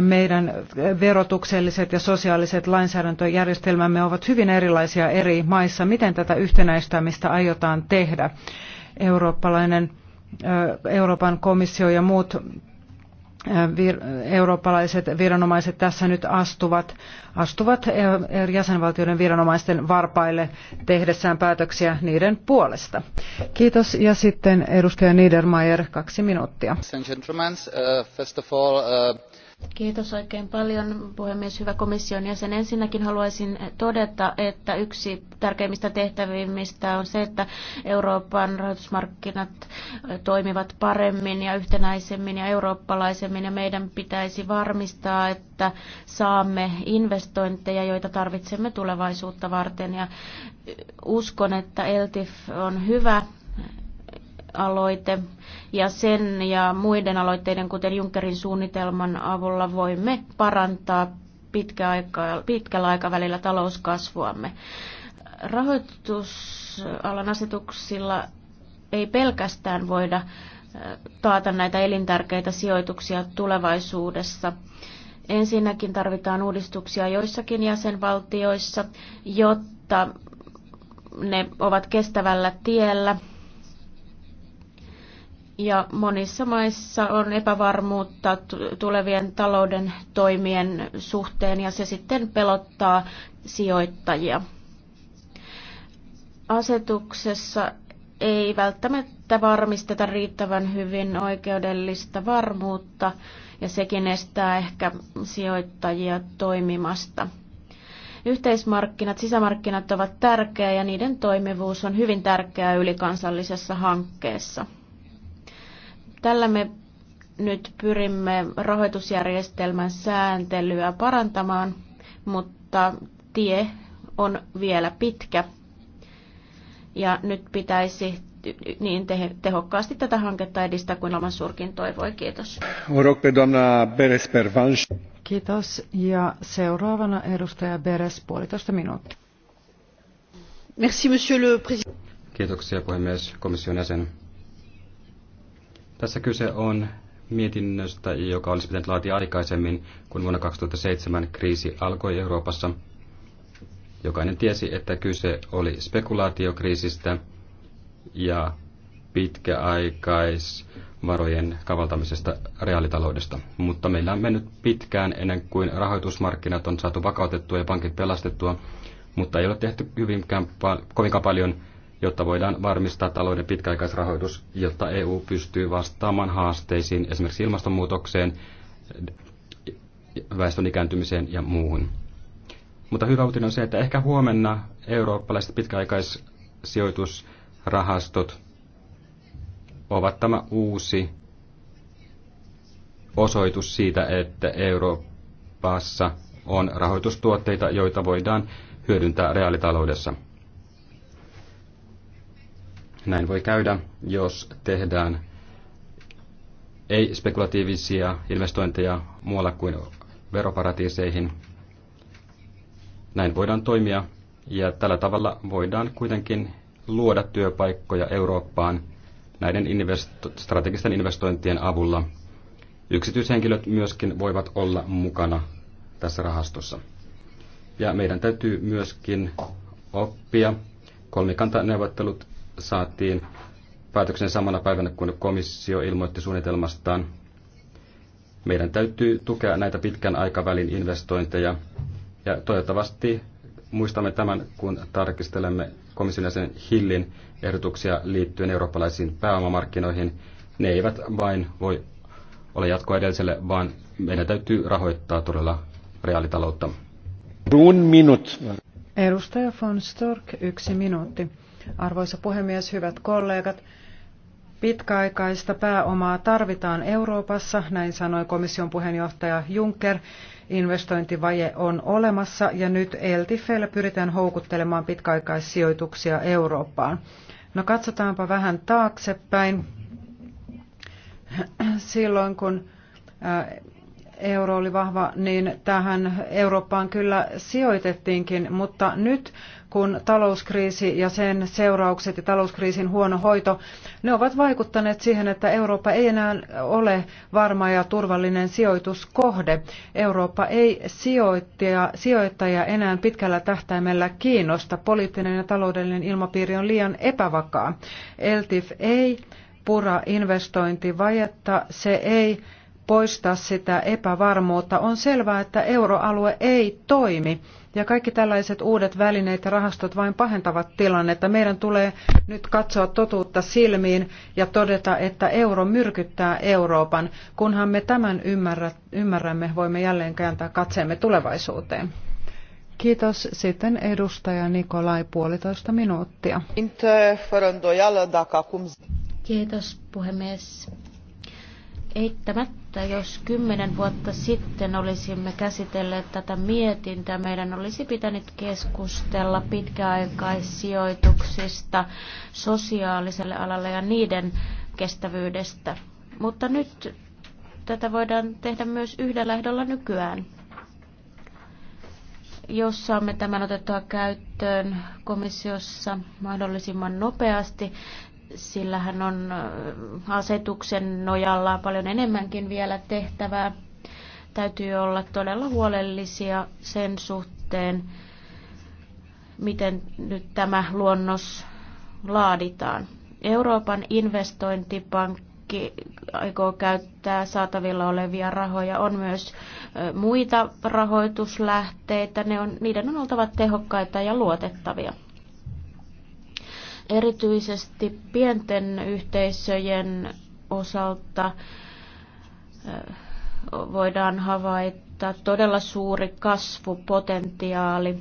meidän verotukselliset ja sosiaaliset lainsäädäntöjärjestelmämme ovat hyvin erilaisia eri maissa. Miten tätä yhtenäistämistä aiotaan tehdä? Eurooppalainen, Euroopan komissio ja muut eurooppalaiset viranomaiset tässä nyt astuvat, astuvat jäsenvaltioiden viranomaisten varpaille tehdessään päätöksiä niiden puolesta. Kiitos ja sitten edustaja Niedermayer, kaksi minuuttia. Uh, first of all, uh... Kiitos oikein paljon, puhemies, hyvä komission jäsen. Ensinnäkin haluaisin todeta, että yksi tärkeimmistä tehtävimmistä on se, että Euroopan rahoitusmarkkinat toimivat paremmin ja yhtenäisemmin ja eurooppalaisemmin, ja meidän pitäisi varmistaa, että saamme investointeja, joita tarvitsemme tulevaisuutta varten, ja uskon, että ELTIF on hyvä aloite ja sen ja muiden aloitteiden, kuten Junckerin suunnitelman avulla, voimme parantaa pitkällä aikavälillä talouskasvuamme. Rahoitusalan asetuksilla ei pelkästään voida taata näitä elintärkeitä sijoituksia tulevaisuudessa. Ensinnäkin tarvitaan uudistuksia joissakin jäsenvaltioissa, jotta ne ovat kestävällä tiellä ja monissa maissa on epävarmuutta tulevien talouden toimien suhteen ja se sitten pelottaa sijoittajia. Asetuksessa ei välttämättä varmisteta riittävän hyvin oikeudellista varmuutta ja sekin estää ehkä sijoittajia toimimasta. Yhteismarkkinat, sisämarkkinat ovat tärkeä ja niiden toimivuus on hyvin tärkeää ylikansallisessa hankkeessa. Tällä me nyt pyrimme rahoitusjärjestelmän sääntelyä parantamaan, mutta tie on vielä pitkä. Ja nyt pitäisi niin tehokkaasti tätä hanketta edistää kuin Laman surkin toivoi. Kiitos. Kiitos. Ja seuraavana edustaja Beres, puolitoista minuuttia. Merci, monsieur le président. Kiitoksia puhemies, komission jäsen. Tässä kyse on mietinnöstä, joka olisi pitänyt laatia aikaisemmin, kun vuonna 2007 kriisi alkoi Euroopassa. Jokainen tiesi, että kyse oli spekulaatiokriisistä ja pitkäaikaisvarojen kavaltamisesta reaalitaloudesta. Mutta meillä on mennyt pitkään ennen kuin rahoitusmarkkinat on saatu vakautettua ja pankit pelastettua, mutta ei ole tehty hyvinkään, kovinkaan paljon jotta voidaan varmistaa talouden pitkäaikaisrahoitus, jotta EU pystyy vastaamaan haasteisiin, esimerkiksi ilmastonmuutokseen, väestön ikääntymiseen ja muuhun. Mutta hyvä uutinen on se, että ehkä huomenna eurooppalaiset pitkäaikaissijoitusrahastot ovat tämä uusi osoitus siitä, että Euroopassa on rahoitustuotteita, joita voidaan hyödyntää reaalitaloudessa. Näin voi käydä, jos tehdään ei-spekulatiivisia investointeja muualla kuin veroparatiiseihin. Näin voidaan toimia ja tällä tavalla voidaan kuitenkin luoda työpaikkoja Eurooppaan näiden investo- strategisten investointien avulla. Yksityishenkilöt myöskin voivat olla mukana tässä rahastossa. Ja meidän täytyy myöskin oppia kolmikantaneuvottelut saatiin päätöksen samana päivänä, kun komissio ilmoitti suunnitelmastaan. Meidän täytyy tukea näitä pitkän aikavälin investointeja ja toivottavasti muistamme tämän, kun tarkistelemme komission jäsen Hillin ehdotuksia liittyen eurooppalaisiin pääomamarkkinoihin. Ne eivät vain voi olla jatkoa edelliselle, vaan meidän täytyy rahoittaa todella reaalitaloutta. Brun minut. Edustaja von Stork, yksi minuutti. Arvoisa puhemies, hyvät kollegat, pitkäaikaista pääomaa tarvitaan Euroopassa, näin sanoi komission puheenjohtaja Juncker. Investointivaje on olemassa ja nyt Eltifeillä pyritään houkuttelemaan pitkäaikaissijoituksia Eurooppaan. No katsotaanpa vähän taaksepäin. Silloin kun euro oli vahva, niin tähän Eurooppaan kyllä sijoitettiinkin, mutta nyt kun talouskriisi ja sen seuraukset ja talouskriisin huono hoito, ne ovat vaikuttaneet siihen, että Eurooppa ei enää ole varma ja turvallinen sijoituskohde. Eurooppa ei sijoittaja, sijoittaja enää pitkällä tähtäimellä kiinnosta. Poliittinen ja taloudellinen ilmapiiri on liian epävakaa. Eltif ei pura investointivajetta, se ei poista sitä epävarmuutta. On selvää, että euroalue ei toimi ja kaikki tällaiset uudet välineet ja rahastot vain pahentavat tilannetta. Meidän tulee nyt katsoa totuutta silmiin ja todeta, että euro myrkyttää Euroopan. Kunhan me tämän ymmärrämme, voimme jälleen kääntää katseemme tulevaisuuteen. Kiitos. Sitten edustaja Nikolai puolitoista minuuttia. Kiitos puhemies. Eittämättä, jos kymmenen vuotta sitten olisimme käsitelleet tätä mietintää, meidän olisi pitänyt keskustella pitkäaikaissijoituksista sosiaaliselle alalle ja niiden kestävyydestä. Mutta nyt tätä voidaan tehdä myös yhdellä ehdolla nykyään. Jos saamme tämän otettua käyttöön komissiossa mahdollisimman nopeasti, sillä hän on asetuksen nojalla paljon enemmänkin vielä tehtävää. Täytyy olla todella huolellisia sen suhteen, miten nyt tämä luonnos laaditaan. Euroopan investointipankki aikoo käyttää saatavilla olevia rahoja. On myös muita rahoituslähteitä. Ne on, niiden on oltava tehokkaita ja luotettavia. Erityisesti pienten yhteisöjen osalta voidaan havaita todella suuri kasvupotentiaali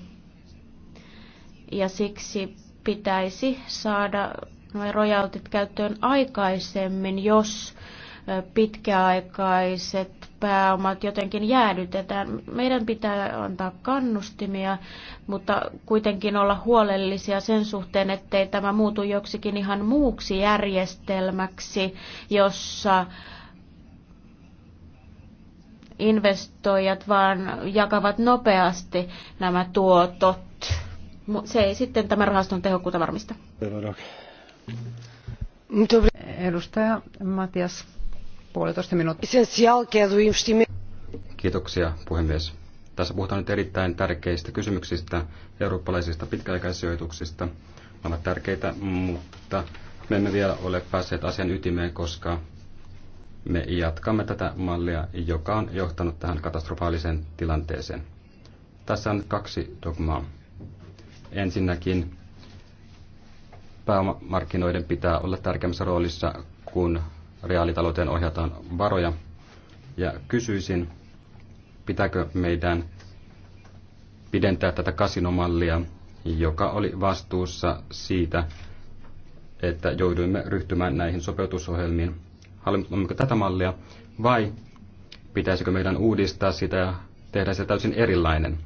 ja siksi pitäisi saada nuo rojaltit käyttöön aikaisemmin, jos pitkäaikaiset pääomat jotenkin jäädytetään. Meidän pitää antaa kannustimia, mutta kuitenkin olla huolellisia sen suhteen, ettei tämä muutu joksikin ihan muuksi järjestelmäksi, jossa investoijat vaan jakavat nopeasti nämä tuotot. Se ei sitten tämän rahaston tehokkuutta varmista. Edustaja Matias puolitoista minuuttia. Kiitoksia puhemies. Tässä puhutaan nyt erittäin tärkeistä kysymyksistä, eurooppalaisista pitkäaikaissijoituksista. Ne ovat tärkeitä, mutta me emme vielä ole päässeet asian ytimeen, koska me jatkamme tätä mallia, joka on johtanut tähän katastrofaaliseen tilanteeseen. Tässä on kaksi dogmaa. Ensinnäkin pääomamarkkinoiden pitää olla tärkeämmässä roolissa, kuin reaalitalouteen ohjataan varoja. Ja kysyisin, pitääkö meidän pidentää tätä kasinomallia, joka oli vastuussa siitä, että jouduimme ryhtymään näihin sopeutusohjelmiin. Hallinnoimmeko tätä mallia vai pitäisikö meidän uudistaa sitä ja tehdä se täysin erilainen?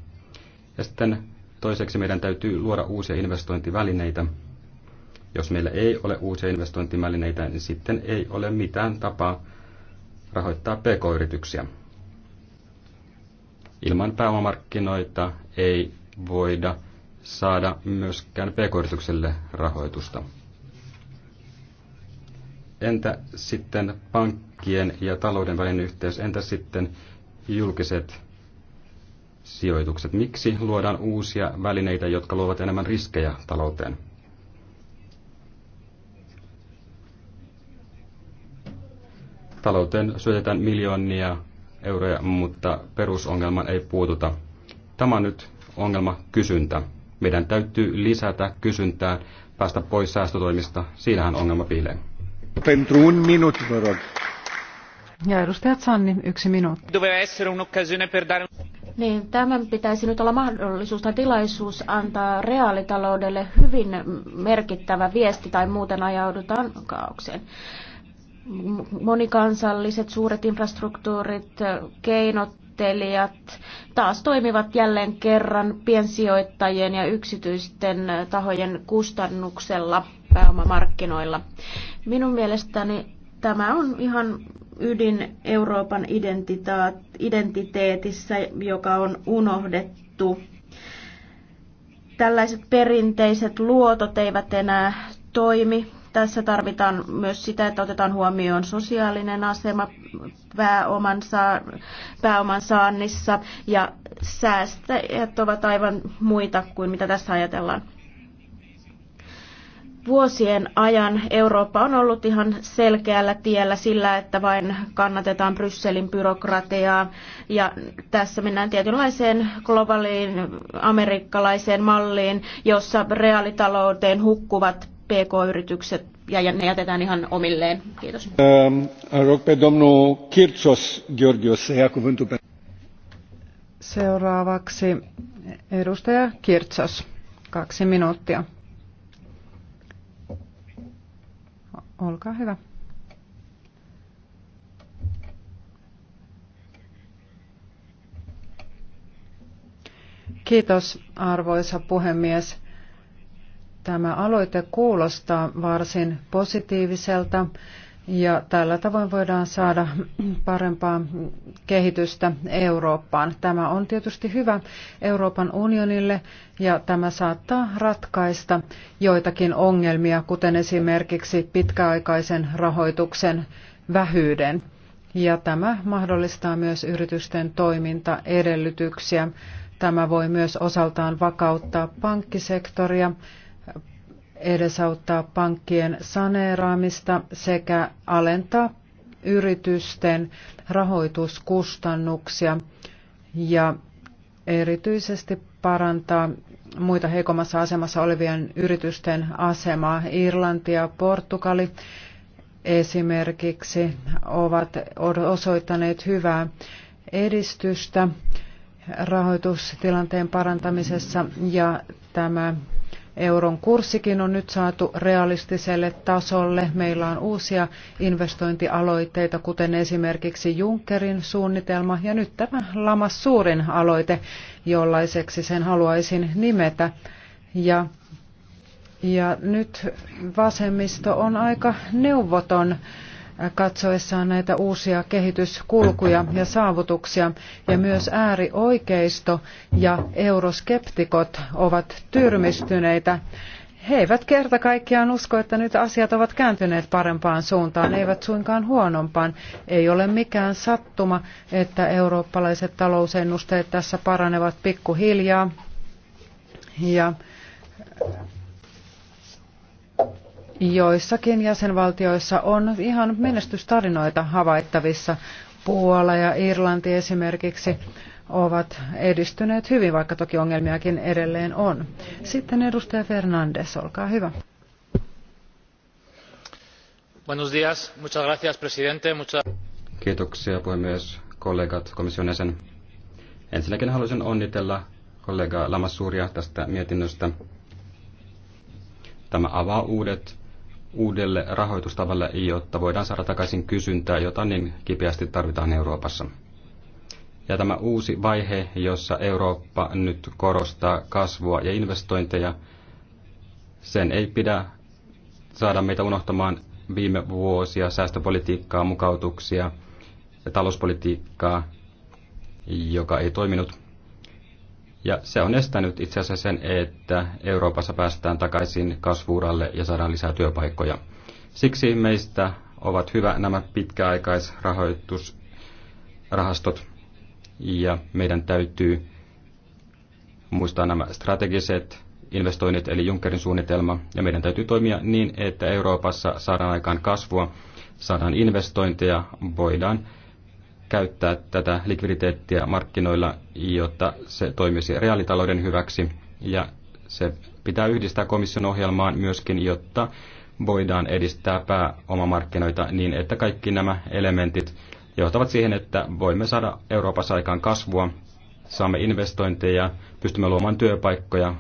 Ja sitten toiseksi meidän täytyy luoda uusia investointivälineitä, jos meillä ei ole uusia investointimälineitä, niin sitten ei ole mitään tapaa rahoittaa pk-yrityksiä. Ilman pääomamarkkinoita ei voida saada myöskään pk-yritykselle rahoitusta. Entä sitten pankkien ja talouden välinen yhteys? Entä sitten julkiset sijoitukset? Miksi luodaan uusia välineitä, jotka luovat enemmän riskejä talouteen? Talouteen syötetään miljoonia euroja, mutta perusongelman ei puututa. Tämä on nyt ongelma kysyntä. Meidän täytyy lisätä kysyntää, päästä pois säästötoimista. Siinähän ongelma piilee. Pentru minut, ja edustaja Sanni, yksi minuutti. Niin, tämän pitäisi nyt olla mahdollisuus tai tilaisuus antaa reaalitaloudelle hyvin merkittävä viesti tai muuten ajaudutaan kaaukseen monikansalliset suuret infrastruktuurit, keinottelijat taas toimivat jälleen kerran piensijoittajien ja yksityisten tahojen kustannuksella pääomamarkkinoilla. Minun mielestäni tämä on ihan ydin Euroopan identiteetissä, joka on unohdettu. Tällaiset perinteiset luotot eivät enää toimi tässä tarvitaan myös sitä, että otetaan huomioon sosiaalinen asema pääoman, saa, pääoman saannissa ja säästäjät ovat aivan muita kuin mitä tässä ajatellaan. Vuosien ajan Eurooppa on ollut ihan selkeällä tiellä sillä, että vain kannatetaan Brysselin byrokratiaa. Ja tässä mennään tietynlaiseen globaaliin amerikkalaiseen malliin, jossa reaalitalouteen hukkuvat PK-yritykset ja ne jätetään ihan omilleen. Kiitos. Ähm, Seuraavaksi edustaja Kirtsas. kaksi minuuttia. Olkaa hyvä. Kiitos, arvoisa puhemies. Tämä aloite kuulostaa varsin positiiviselta ja tällä tavoin voidaan saada parempaa kehitystä Eurooppaan. Tämä on tietysti hyvä Euroopan unionille ja tämä saattaa ratkaista joitakin ongelmia, kuten esimerkiksi pitkäaikaisen rahoituksen vähyyden. Ja tämä mahdollistaa myös yritysten toimintaedellytyksiä. Tämä voi myös osaltaan vakauttaa pankkisektoria edesauttaa pankkien saneeraamista sekä alentaa yritysten rahoituskustannuksia ja erityisesti parantaa muita heikommassa asemassa olevien yritysten asemaa. Irlanti ja Portugali esimerkiksi ovat osoittaneet hyvää edistystä rahoitustilanteen parantamisessa ja tämä Euron kurssikin on nyt saatu realistiselle tasolle. Meillä on uusia investointialoitteita, kuten esimerkiksi Junckerin suunnitelma ja nyt tämä lamas suurin aloite, jollaiseksi sen haluaisin nimetä. Ja ja nyt vasemmisto on aika neuvoton katsoessaan näitä uusia kehityskulkuja ja saavutuksia. Ja myös äärioikeisto ja euroskeptikot ovat tyrmistyneitä. He eivät kerta kaikkiaan usko, että nyt asiat ovat kääntyneet parempaan suuntaan, eivät suinkaan huonompaan. Ei ole mikään sattuma, että eurooppalaiset talousennusteet tässä paranevat pikkuhiljaa. Ja Joissakin jäsenvaltioissa on ihan menestystarinoita havaittavissa. Puola ja Irlanti esimerkiksi ovat edistyneet hyvin, vaikka toki ongelmiakin edelleen on. Sitten edustaja Fernandes, olkaa hyvä. Buenos días, muchas gracias, presidente. Muchas... Kiitoksia puhemies, kollegat, komission jäsen. Ensinnäkin haluaisin onnitella kollega Lamassuuria tästä mietinnöstä. Tämä avaa uudet uudelle rahoitustavalle, jotta voidaan saada takaisin kysyntää, jota niin kipeästi tarvitaan Euroopassa. Ja tämä uusi vaihe, jossa Eurooppa nyt korostaa kasvua ja investointeja, sen ei pidä saada meitä unohtamaan viime vuosia säästöpolitiikkaa, mukautuksia ja talouspolitiikkaa, joka ei toiminut. Ja se on estänyt itse asiassa sen, että Euroopassa päästään takaisin kasvuuralle ja saadaan lisää työpaikkoja. Siksi meistä ovat hyvä nämä pitkäaikaisrahoitusrahastot ja meidän täytyy muistaa nämä strategiset investoinnit eli Junckerin suunnitelma ja meidän täytyy toimia niin, että Euroopassa saadaan aikaan kasvua, saadaan investointeja, voidaan käyttää tätä likviditeettiä markkinoilla, jotta se toimisi reaalitalouden hyväksi. Ja se pitää yhdistää komission ohjelmaan myöskin, jotta voidaan edistää pääomamarkkinoita niin, että kaikki nämä elementit johtavat siihen, että voimme saada Euroopassa aikaan kasvua, saamme investointeja, pystymme luomaan työpaikkoja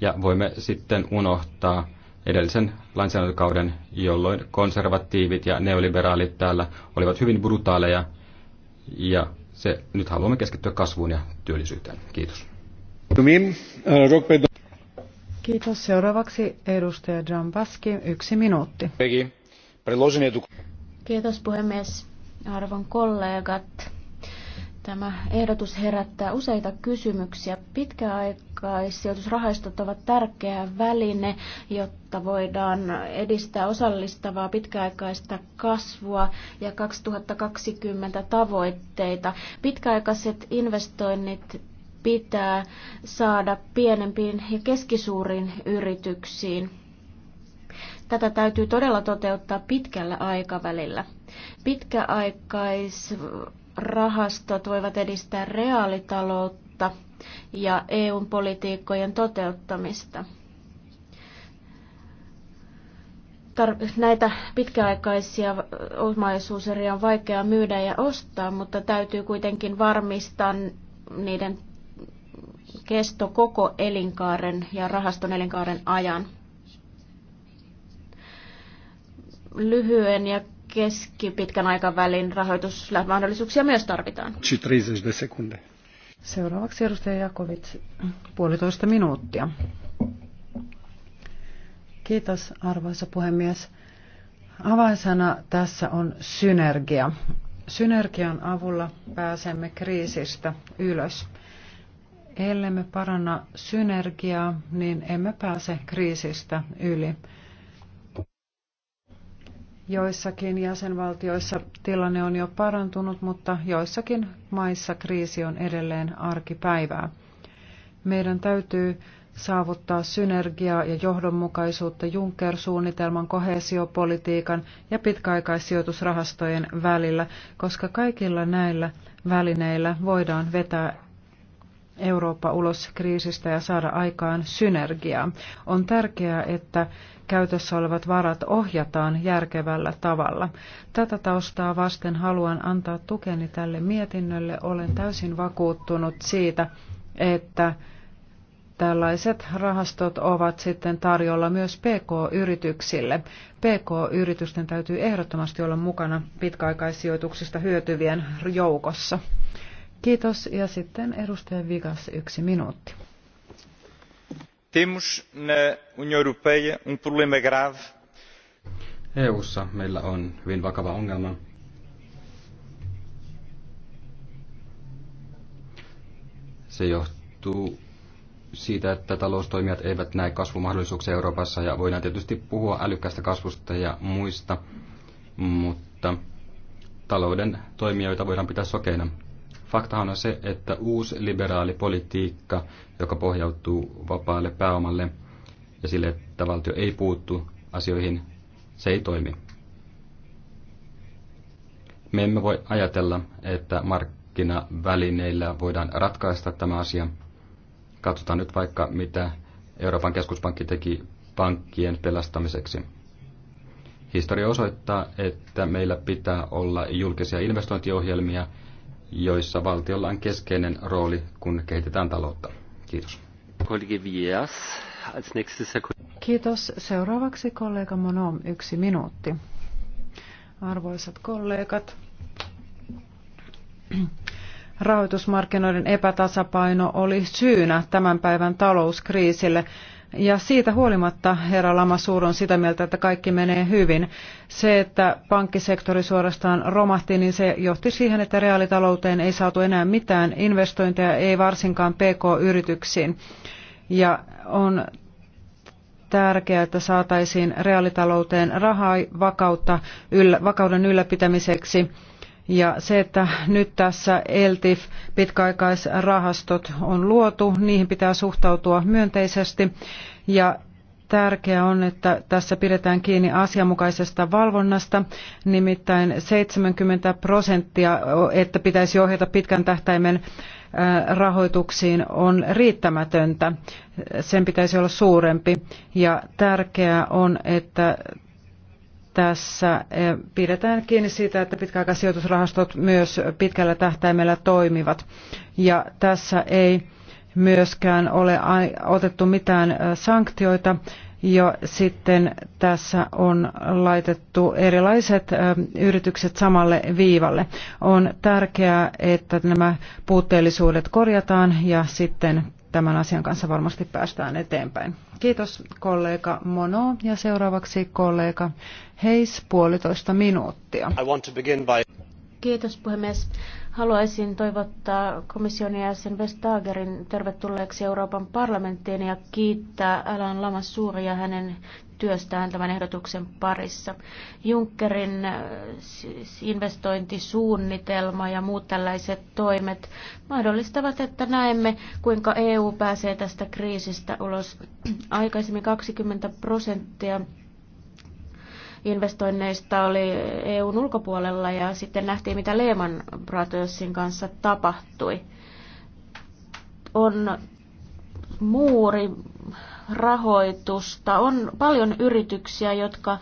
ja voimme sitten unohtaa edellisen lainsäädäntökauden, jolloin konservatiivit ja neoliberaalit täällä olivat hyvin brutaaleja ja se, nyt haluamme keskittyä kasvuun ja työllisyyteen. Kiitos. Kiitos. Seuraavaksi edustaja Baski, yksi minuutti. Kiitos puhemies, arvon kollegat. Tämä ehdotus herättää useita kysymyksiä. Pitkäaikaissijoitusrahastot ovat tärkeä väline, jotta voidaan edistää osallistavaa pitkäaikaista kasvua ja 2020 tavoitteita. Pitkäaikaiset investoinnit pitää saada pienempiin ja keskisuuriin yrityksiin. Tätä täytyy todella toteuttaa pitkällä aikavälillä. Pitkäaikais rahastot voivat edistää reaalitaloutta ja EUn politiikkojen toteuttamista. näitä pitkäaikaisia omaisuuseriä on vaikea myydä ja ostaa, mutta täytyy kuitenkin varmistaa niiden kesto koko elinkaaren ja rahaston elinkaaren ajan. Lyhyen ja keskipitkän aikavälin rahoitusmahdollisuuksia myös tarvitaan. 30 Seuraavaksi edustaja Jakovic, puolitoista minuuttia. Kiitos arvoisa puhemies. Avainsana tässä on synergia. Synergian avulla pääsemme kriisistä ylös. Ellemme paranna synergiaa, niin emme pääse kriisistä yli. Joissakin jäsenvaltioissa tilanne on jo parantunut, mutta joissakin maissa kriisi on edelleen arkipäivää. Meidän täytyy saavuttaa synergiaa ja johdonmukaisuutta Juncker-suunnitelman, kohesiopolitiikan ja pitkäaikaissijoitusrahastojen välillä, koska kaikilla näillä välineillä voidaan vetää Eurooppa ulos kriisistä ja saada aikaan synergiaa. On tärkeää, että käytössä olevat varat ohjataan järkevällä tavalla. Tätä taustaa vasten haluan antaa tukeni tälle mietinnölle. Olen täysin vakuuttunut siitä, että Tällaiset rahastot ovat sitten tarjolla myös PK-yrityksille. PK-yritysten täytyy ehdottomasti olla mukana pitkäaikaissijoituksista hyötyvien joukossa. Kiitos. Ja sitten edustaja Vigas, yksi minuutti. Temos na União Europeia un um problema grave. EU-ssa meillä on hyvin vakava ongelma. Se johtuu siitä, että taloustoimijat eivät näe kasvumahdollisuuksia Euroopassa ja voidaan tietysti puhua älykkästä kasvusta ja muista, mutta talouden toimijoita voidaan pitää sokeina. Faktahan on se, että uusi liberaali politiikka, joka pohjautuu vapaalle pääomalle ja sille, että valtio ei puuttu asioihin, se ei toimi. Me emme voi ajatella, että markkinavälineillä voidaan ratkaista tämä asia. Katsotaan nyt vaikka, mitä Euroopan keskuspankki teki pankkien pelastamiseksi. Historia osoittaa, että meillä pitää olla julkisia investointiohjelmia, joissa valtiolla on keskeinen rooli, kun kehitetään taloutta. Kiitos. Kiitos. Seuraavaksi kollega Monom, yksi minuutti. Arvoisat kollegat, rahoitusmarkkinoiden epätasapaino oli syynä tämän päivän talouskriisille. Ja siitä huolimatta herra Suur on sitä mieltä, että kaikki menee hyvin. Se, että pankkisektori suorastaan romahti, niin se johti siihen, että reaalitalouteen ei saatu enää mitään investointeja, ei varsinkaan PK-yrityksiin. Ja on tärkeää, että saataisiin reaalitalouteen rahaa vakautta, yllä, vakauden ylläpitämiseksi ja se, että nyt tässä ELTIF pitkäaikaisrahastot on luotu, niihin pitää suhtautua myönteisesti. Ja tärkeää on, että tässä pidetään kiinni asianmukaisesta valvonnasta, nimittäin 70 prosenttia, että pitäisi ohjata pitkän tähtäimen äh, rahoituksiin on riittämätöntä. Sen pitäisi olla suurempi. Ja tärkeää on, että tässä eh, pidetään kiinni siitä, että pitkäaikaisijoitusrahastot myös pitkällä tähtäimellä toimivat. Ja tässä ei myöskään ole otettu mitään eh, sanktioita. Ja sitten tässä on laitettu erilaiset eh, yritykset samalle viivalle. On tärkeää, että nämä puutteellisuudet korjataan ja sitten tämän asian kanssa varmasti päästään eteenpäin. Kiitos kollega Mono ja seuraavaksi kollega Heis, puolitoista minuuttia. By... Kiitos puhemies. Haluaisin toivottaa komission jäsen Vestagerin tervetulleeksi Euroopan parlamenttiin ja kiittää Alan Lama Suuria hänen työstään tämän ehdotuksen parissa. Junckerin siis investointisuunnitelma ja muut tällaiset toimet mahdollistavat, että näemme, kuinka EU pääsee tästä kriisistä ulos. Aikaisemmin 20 prosenttia investoinneista oli EUn ulkopuolella ja sitten nähtiin, mitä Lehman Brothersin kanssa tapahtui. On muuri rahoitusta, on paljon yrityksiä, jotka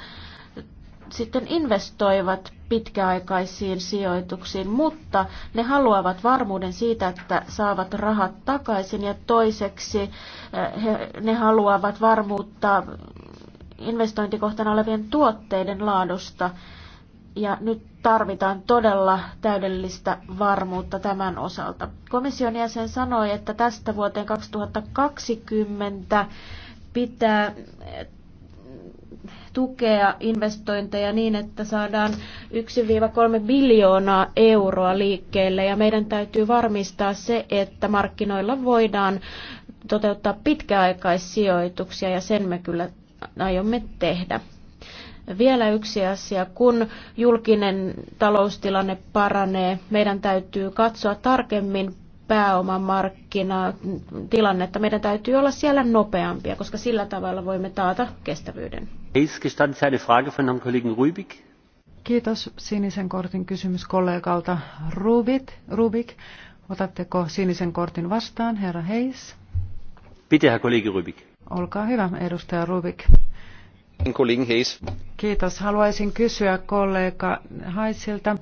sitten investoivat pitkäaikaisiin sijoituksiin, mutta ne haluavat varmuuden siitä, että saavat rahat takaisin ja toiseksi eh, he, ne haluavat varmuutta investointikohtana olevien tuotteiden laadusta. Ja nyt tarvitaan todella täydellistä varmuutta tämän osalta. Komission jäsen sanoi, että tästä vuoteen 2020 pitää eh, tukea investointeja niin, että saadaan 1-3 biljoonaa euroa liikkeelle ja meidän täytyy varmistaa se, että markkinoilla voidaan toteuttaa pitkäaikaissijoituksia ja sen me kyllä aiomme tehdä. Vielä yksi asia. Kun julkinen taloustilanne paranee, meidän täytyy katsoa tarkemmin pääomamarkkinatilannetta. Meidän täytyy olla siellä nopeampia, koska sillä tavalla voimme taata kestävyyden. Kiitos. Sinisen kortin kysymys kollegalta Rubik. Rubik. Otatteko sinisen kortin vastaan, herra Heis? Pitää, kollegi Rubik. Olkaa hyvä, edustaja Rubik. Kiitos. Haluaisin kysyä kollega Haisilta.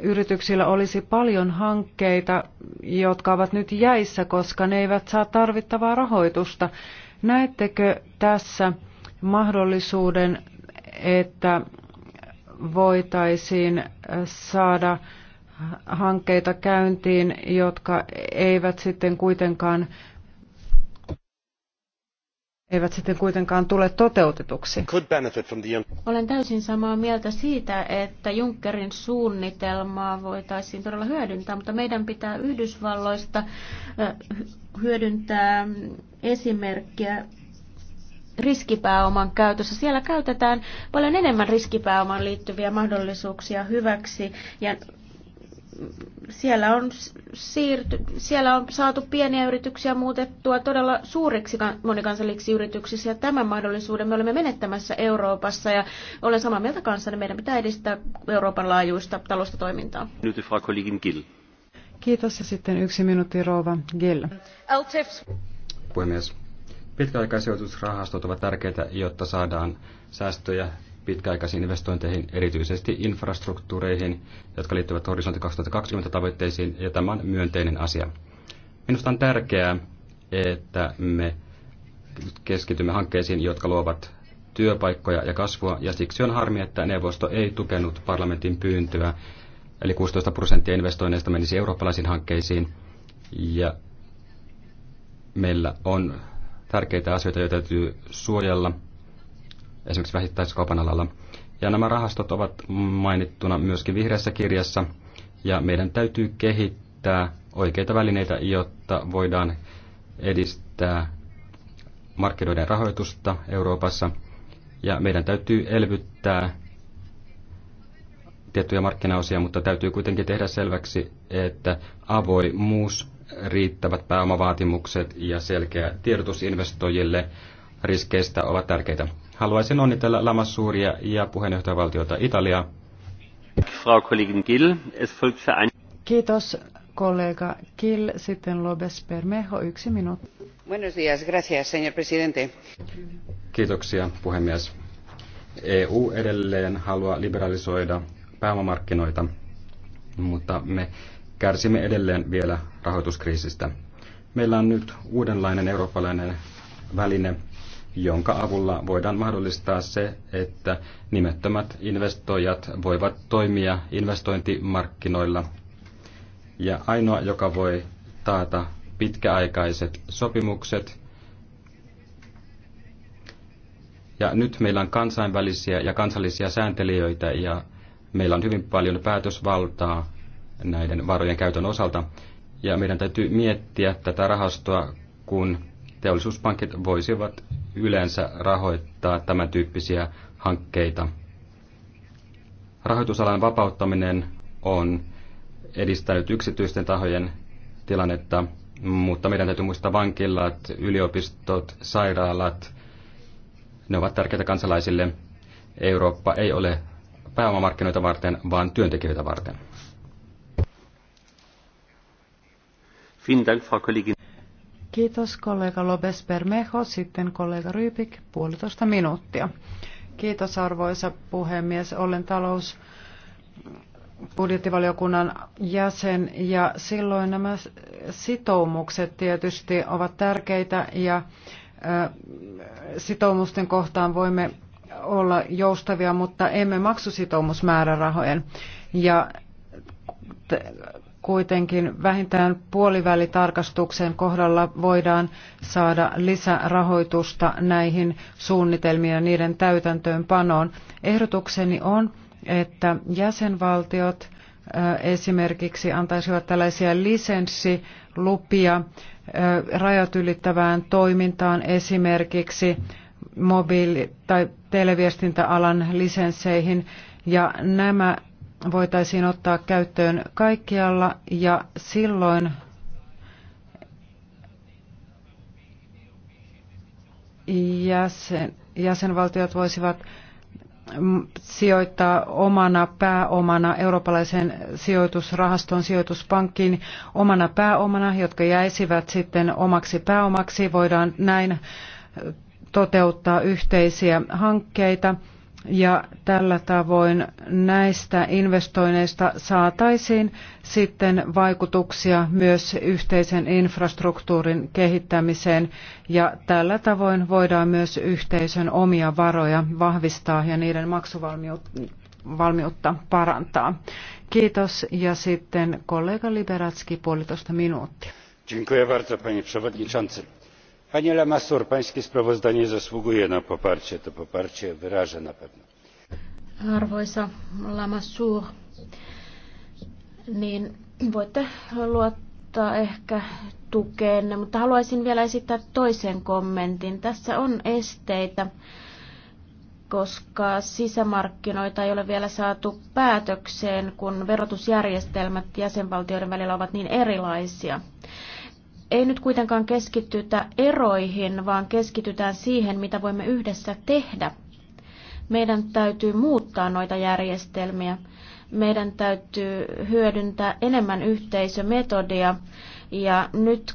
Yrityksillä olisi paljon hankkeita, jotka ovat nyt jäissä, koska ne eivät saa tarvittavaa rahoitusta. Näettekö tässä mahdollisuuden, että voitaisiin saada hankkeita käyntiin, jotka eivät sitten kuitenkaan eivät sitten kuitenkaan tule toteutetuksi. Olen täysin samaa mieltä siitä, että Junckerin suunnitelmaa voitaisiin todella hyödyntää, mutta meidän pitää Yhdysvalloista hyödyntää esimerkkiä riskipääoman käytössä. Siellä käytetään paljon enemmän riskipääoman liittyviä mahdollisuuksia hyväksi ja siellä on, siirty, siellä on saatu pieniä yrityksiä muutettua todella suuriksi monikansallisiksi yrityksiksi ja tämän mahdollisuuden me olemme menettämässä Euroopassa ja olen samaa mieltä kanssa, niin meidän pitää edistää Euroopan laajuista talousta toimintaa. Nyt Frau Kollegin Gill. Kiitos ja sitten yksi minuutti Rouva Gill. Puhemies, pitkäaikaisijoitusrahastot ovat tärkeitä, jotta saadaan säästöjä pitkäaikaisiin investointeihin, erityisesti infrastruktuureihin, jotka liittyvät horisontti 2020 tavoitteisiin, ja tämä on myönteinen asia. Minusta on tärkeää, että me keskitymme hankkeisiin, jotka luovat työpaikkoja ja kasvua, ja siksi on harmi, että neuvosto ei tukenut parlamentin pyyntöä, eli 16 prosenttia investoinneista menisi eurooppalaisiin hankkeisiin, ja meillä on tärkeitä asioita, joita täytyy suojella, esimerkiksi vähittäiskaupan alalla. Ja nämä rahastot ovat mainittuna myöskin vihreässä kirjassa, ja meidän täytyy kehittää oikeita välineitä, jotta voidaan edistää markkinoiden rahoitusta Euroopassa, ja meidän täytyy elvyttää tiettyjä markkinaosia, mutta täytyy kuitenkin tehdä selväksi, että avoimuus, riittävät pääomavaatimukset ja selkeä tiedotus investoijille riskeistä ovat tärkeitä. Haluaisin onnitella Lamassuuria ja puheenjohtajavaltiota Italiaa. Kiitos kollega Kill, sitten Lobes Permejo, yksi minuutti. Buenos días, gracias, señor presidente. Kiitoksia, puhemies. EU edelleen haluaa liberalisoida pääomamarkkinoita, mutta me kärsimme edelleen vielä rahoituskriisistä. Meillä on nyt uudenlainen eurooppalainen väline, jonka avulla voidaan mahdollistaa se, että nimettömät investoijat voivat toimia investointimarkkinoilla. Ja ainoa, joka voi taata pitkäaikaiset sopimukset. Ja nyt meillä on kansainvälisiä ja kansallisia sääntelijöitä ja meillä on hyvin paljon päätösvaltaa näiden varojen käytön osalta. Ja meidän täytyy miettiä tätä rahastoa, kun teollisuuspankit voisivat yleensä rahoittaa tämän tyyppisiä hankkeita. Rahoitusalan vapauttaminen on edistänyt yksityisten tahojen tilannetta, mutta meidän täytyy muistaa vankilat, yliopistot, sairaalat. Ne ovat tärkeitä kansalaisille. Eurooppa ei ole pääomamarkkinoita varten, vaan työntekijöitä varten. Kiitos kollega Lopes Bermejo, sitten kollega Ryypik, puolitoista minuuttia. Kiitos arvoisa puhemies. Olen talous budjettivaliokunnan jäsen ja silloin nämä sitoumukset tietysti ovat tärkeitä ja sitoumusten kohtaan voimme olla joustavia, mutta emme maksusitoumusmäärärahojen. Ja kuitenkin vähintään puolivälitarkastuksen kohdalla voidaan saada lisärahoitusta näihin suunnitelmiin ja niiden täytäntöönpanoon. Ehdotukseni on, että jäsenvaltiot esimerkiksi antaisivat tällaisia lisenssilupia rajat ylittävään toimintaan esimerkiksi mobiili- tai televiestintäalan lisensseihin ja nämä voitaisiin ottaa käyttöön kaikkialla ja silloin jäsen, jäsenvaltiot voisivat mm, sijoittaa omana pääomana eurooppalaisen sijoitusrahaston sijoituspankkiin omana pääomana, jotka jäisivät sitten omaksi pääomaksi. Voidaan näin toteuttaa yhteisiä hankkeita ja tällä tavoin näistä investoinneista saataisiin sitten vaikutuksia myös yhteisen infrastruktuurin kehittämiseen ja tällä tavoin voidaan myös yhteisön omia varoja vahvistaa ja niiden maksuvalmiutta parantaa. Kiitos ja sitten kollega Liberatski puolitoista minuuttia. Dziękuję bardzo, panie przewodniczący panie lamassoure pańskie sprawozdanie zasługuje na poparcie to poparcie wyrażę na pewno. arvoisa lamassoure niin voitte luottaa ehkä tukeenne, mutta haluaisin vielä esittää toisen kommentin. Tässä on esteitä, koska sisämarkkinoita ei ole vielä saatu päätökseen, kun verotusjärjestelmät jäsenvaltioiden välillä ovat niin erilaisia. Ei nyt kuitenkaan keskitytä eroihin, vaan keskitytään siihen, mitä voimme yhdessä tehdä. Meidän täytyy muuttaa noita järjestelmiä. Meidän täytyy hyödyntää enemmän yhteisömetodia. Ja nyt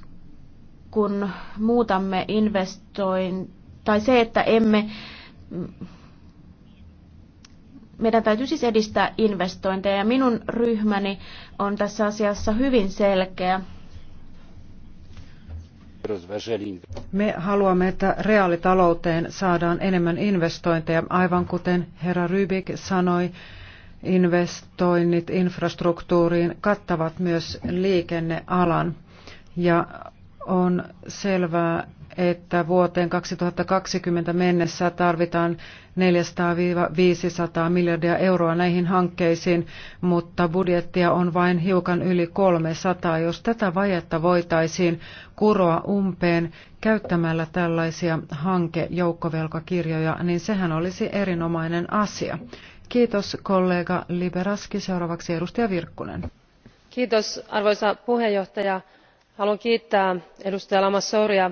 kun muutamme investoin, tai se, että emme meidän täytyy siis edistää investointeja ja minun ryhmäni on tässä asiassa hyvin selkeä. Me haluamme, että reaalitalouteen saadaan enemmän investointeja, aivan kuten herra Rybik sanoi. Investoinnit infrastruktuuriin kattavat myös liikennealan ja on selvää, että vuoteen 2020 mennessä tarvitaan 400-500 miljardia euroa näihin hankkeisiin, mutta budjettia on vain hiukan yli 300. Jos tätä vajetta voitaisiin kuroa umpeen käyttämällä tällaisia hankejoukkovelkakirjoja, niin sehän olisi erinomainen asia. Kiitos kollega Liberaski. Seuraavaksi edustaja Virkkunen. Kiitos arvoisa puheenjohtaja. Haluan kiittää edustaja Lamassouria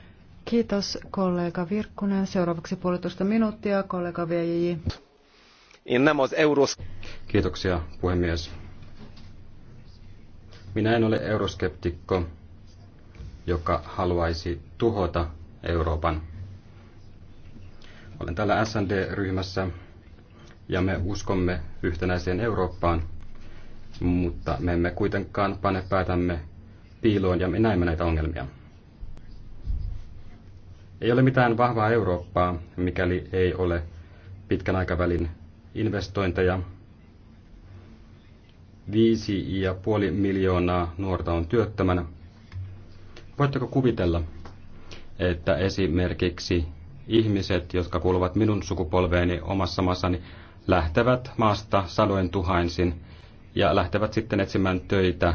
Kiitos kollega Virkkunen. Seuraavaksi puolitoista minuuttia kollega VJJ. Kiitoksia puhemies. Minä en ole euroskeptikko, joka haluaisi tuhota Euroopan. Olen täällä SND-ryhmässä ja me uskomme yhtenäiseen Eurooppaan, mutta me emme kuitenkaan pane päätämme piiloon ja me näemme näitä ongelmia. Ei ole mitään vahvaa Eurooppaa, mikäli ei ole pitkän aikavälin investointeja. Viisi ja puoli miljoonaa nuorta on työttömänä. Voitteko kuvitella, että esimerkiksi ihmiset, jotka kuuluvat minun sukupolveeni omassa maassani, lähtevät maasta sadoin tuhansin ja lähtevät sitten etsimään töitä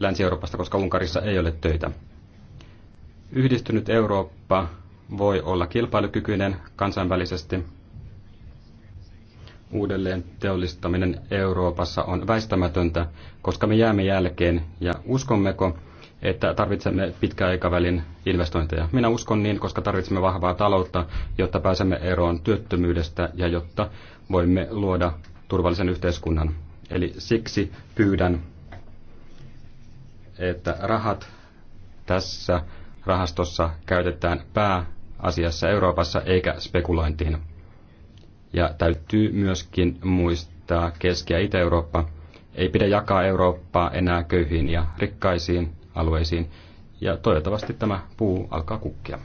Länsi-Euroopasta, koska Unkarissa ei ole töitä. Yhdistynyt Eurooppa voi olla kilpailukykyinen kansainvälisesti. Uudelleen teollistaminen Euroopassa on väistämätöntä, koska me jäämme jälkeen ja uskommeko, että tarvitsemme pitkäaikavälin investointeja. Minä uskon niin, koska tarvitsemme vahvaa taloutta, jotta pääsemme eroon työttömyydestä ja jotta voimme luoda turvallisen yhteiskunnan. Eli siksi pyydän, että rahat tässä rahastossa käytetään pääasiassa Euroopassa eikä spekulointiin. Ja täytyy myöskin muistaa Keski- ja Itä-Eurooppa. Ei pidä jakaa Eurooppaa enää köyhiin ja rikkaisiin alueisiin. Ja toivottavasti tämä puu alkaa kukkia.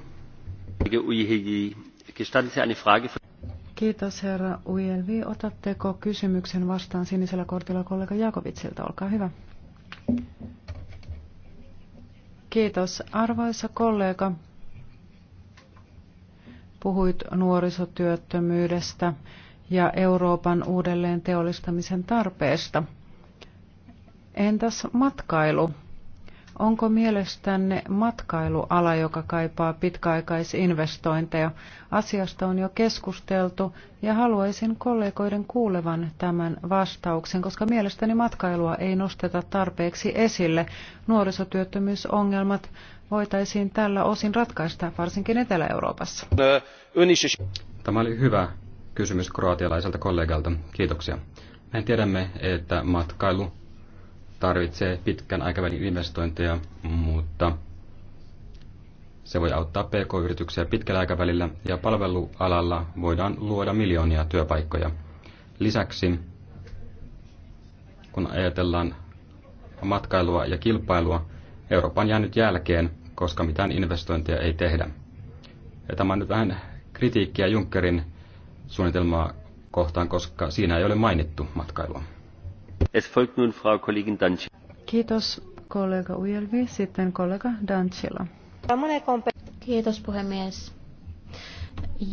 Kiitos herra Ujelvi. Otatteko kysymyksen vastaan sinisellä kortilla kollega Jakovitsilta? Olkaa hyvä. Kiitos. Arvoisa kollega, puhuit nuorisotyöttömyydestä ja Euroopan uudelleen teollistamisen tarpeesta. Entäs matkailu? Onko mielestänne matkailuala, joka kaipaa pitkäaikaisinvestointeja? Asiasta on jo keskusteltu ja haluaisin kollegoiden kuulevan tämän vastauksen, koska mielestäni matkailua ei nosteta tarpeeksi esille. Nuorisotyöttömyysongelmat voitaisiin tällä osin ratkaista, varsinkin Etelä-Euroopassa. Tämä oli hyvä kysymys kroatialaiselta kollegalta. Kiitoksia. Me tiedämme, että matkailu tarvitsee pitkän aikavälin investointeja, mutta se voi auttaa pk-yrityksiä pitkällä aikavälillä ja palvelualalla voidaan luoda miljoonia työpaikkoja. Lisäksi, kun ajatellaan matkailua ja kilpailua, Eurooppa on jäänyt jälkeen, koska mitään investointia ei tehdä. Ja tämä on nyt vähän kritiikkiä Junckerin suunnitelmaa kohtaan, koska siinä ei ole mainittu matkailua. Kiitos kollega Ujelvi, sitten kollega Dancila. Kiitos puhemies.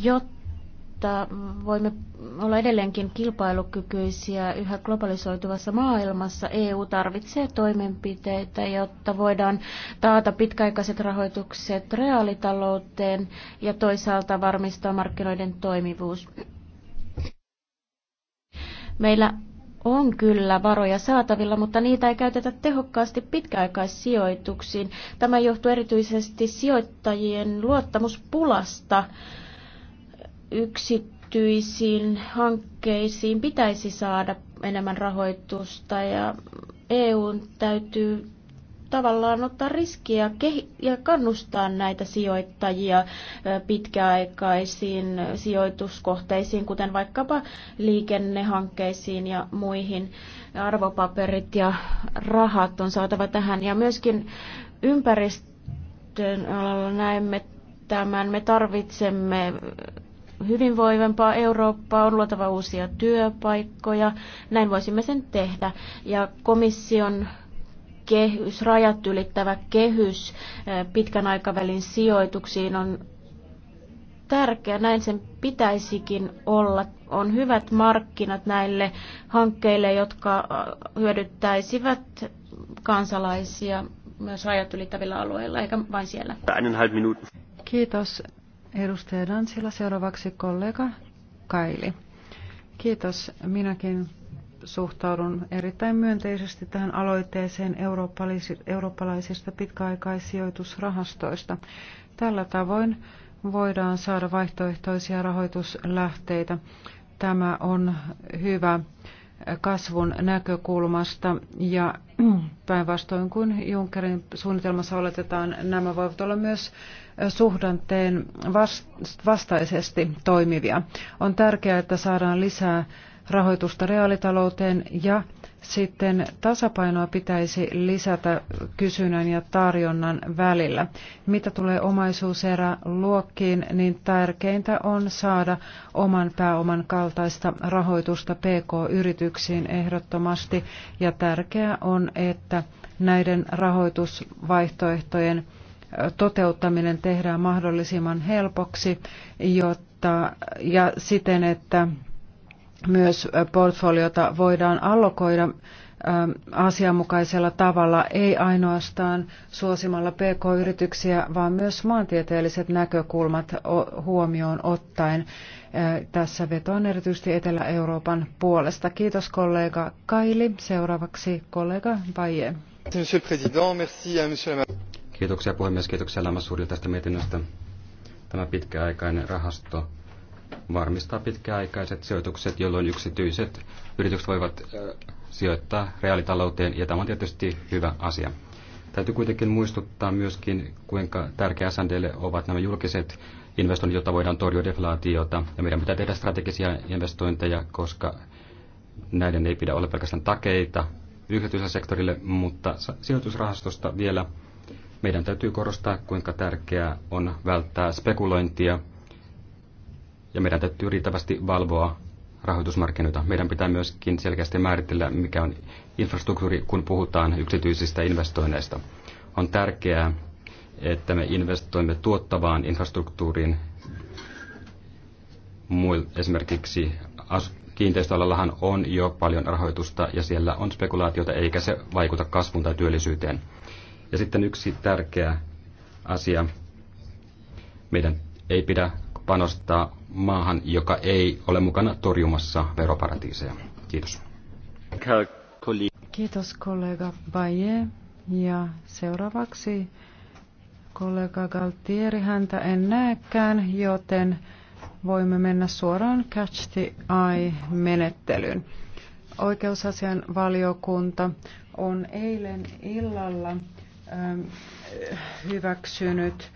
Jotta voimme olla edelleenkin kilpailukykyisiä yhä globalisoituvassa maailmassa, EU tarvitsee toimenpiteitä, jotta voidaan taata pitkäaikaiset rahoitukset reaalitalouteen ja toisaalta varmistaa markkinoiden toimivuus. Meillä on kyllä varoja saatavilla, mutta niitä ei käytetä tehokkaasti pitkäaikaissijoituksiin. Tämä johtuu erityisesti sijoittajien luottamuspulasta yksityisiin hankkeisiin pitäisi saada enemmän rahoitusta ja EUn täytyy tavallaan ottaa riskiä ja kannustaa näitä sijoittajia pitkäaikaisiin sijoituskohteisiin, kuten vaikkapa liikennehankkeisiin ja muihin. Arvopaperit ja rahat on saatava tähän. Ja myöskin ympäristön alalla näemme tämän. Me tarvitsemme hyvinvoivempaa Eurooppaa, on luotava uusia työpaikkoja. Näin voisimme sen tehdä. Ja komission kehys, rajat ylittävä kehys eh, pitkän aikavälin sijoituksiin on tärkeä, näin sen pitäisikin olla. On hyvät markkinat näille hankkeille, jotka eh, hyödyttäisivät kansalaisia myös rajat ylittävillä alueilla, eikä vain siellä. Kiitos edustaja Dansila. Seuraavaksi kollega Kaili. Kiitos. Minäkin suhtaudun erittäin myönteisesti tähän aloitteeseen eurooppalaisista pitkäaikaissijoitusrahastoista. Tällä tavoin voidaan saada vaihtoehtoisia rahoituslähteitä. Tämä on hyvä kasvun näkökulmasta ja päinvastoin kuin Junckerin suunnitelmassa oletetaan, nämä voivat olla myös suhdanteen vastaisesti toimivia. On tärkeää, että saadaan lisää rahoitusta reaalitalouteen ja sitten tasapainoa pitäisi lisätä kysynnän ja tarjonnan välillä. Mitä tulee omaisuuserä luokkiin, niin tärkeintä on saada oman pääoman kaltaista rahoitusta PK-yrityksiin ehdottomasti ja tärkeää on, että näiden rahoitusvaihtoehtojen toteuttaminen tehdään mahdollisimman helpoksi jotta, ja siten, että myös portfoliota voidaan allokoida asianmukaisella tavalla, ei ainoastaan suosimalla pk-yrityksiä, vaan myös maantieteelliset näkökulmat huomioon ottaen. Tässä vetoan erityisesti Etelä-Euroopan puolesta. Kiitos kollega Kaili. Seuraavaksi kollega Baye. Kiitoksia puhemies, kiitoksia Lamassuudille tästä mietinnöstä. Tämä pitkäaikainen rahasto varmistaa pitkäaikaiset sijoitukset, jolloin yksityiset yritykset voivat sijoittaa reaalitalouteen, ja tämä on tietysti hyvä asia. Täytyy kuitenkin muistuttaa myöskin, kuinka tärkeä SNDlle ovat nämä julkiset investoinnit, jotta voidaan torjua deflaatiota. Ja meidän pitää tehdä strategisia investointeja, koska näiden ei pidä olla pelkästään takeita yksityiselle sektorille, mutta sijoitusrahastosta vielä meidän täytyy korostaa, kuinka tärkeää on välttää spekulointia – ja meidän täytyy riittävästi valvoa rahoitusmarkkinoita. Meidän pitää myöskin selkeästi määritellä, mikä on infrastruktuuri, kun puhutaan yksityisistä investoinneista. On tärkeää, että me investoimme tuottavaan infrastruktuuriin. Esimerkiksi kiinteistöalallahan on jo paljon rahoitusta ja siellä on spekulaatiota eikä se vaikuta kasvun tai työllisyyteen. Ja sitten yksi tärkeä asia. Meidän ei pidä panostaa maahan, joka ei ole mukana torjumassa veroparatiiseja. Kiitos. Kiitos kollega Baye. Ja seuraavaksi kollega Galtieri, häntä en näekään, joten voimme mennä suoraan Catch the Eye-menettelyyn. Oikeusasian valiokunta on eilen illalla hyväksynyt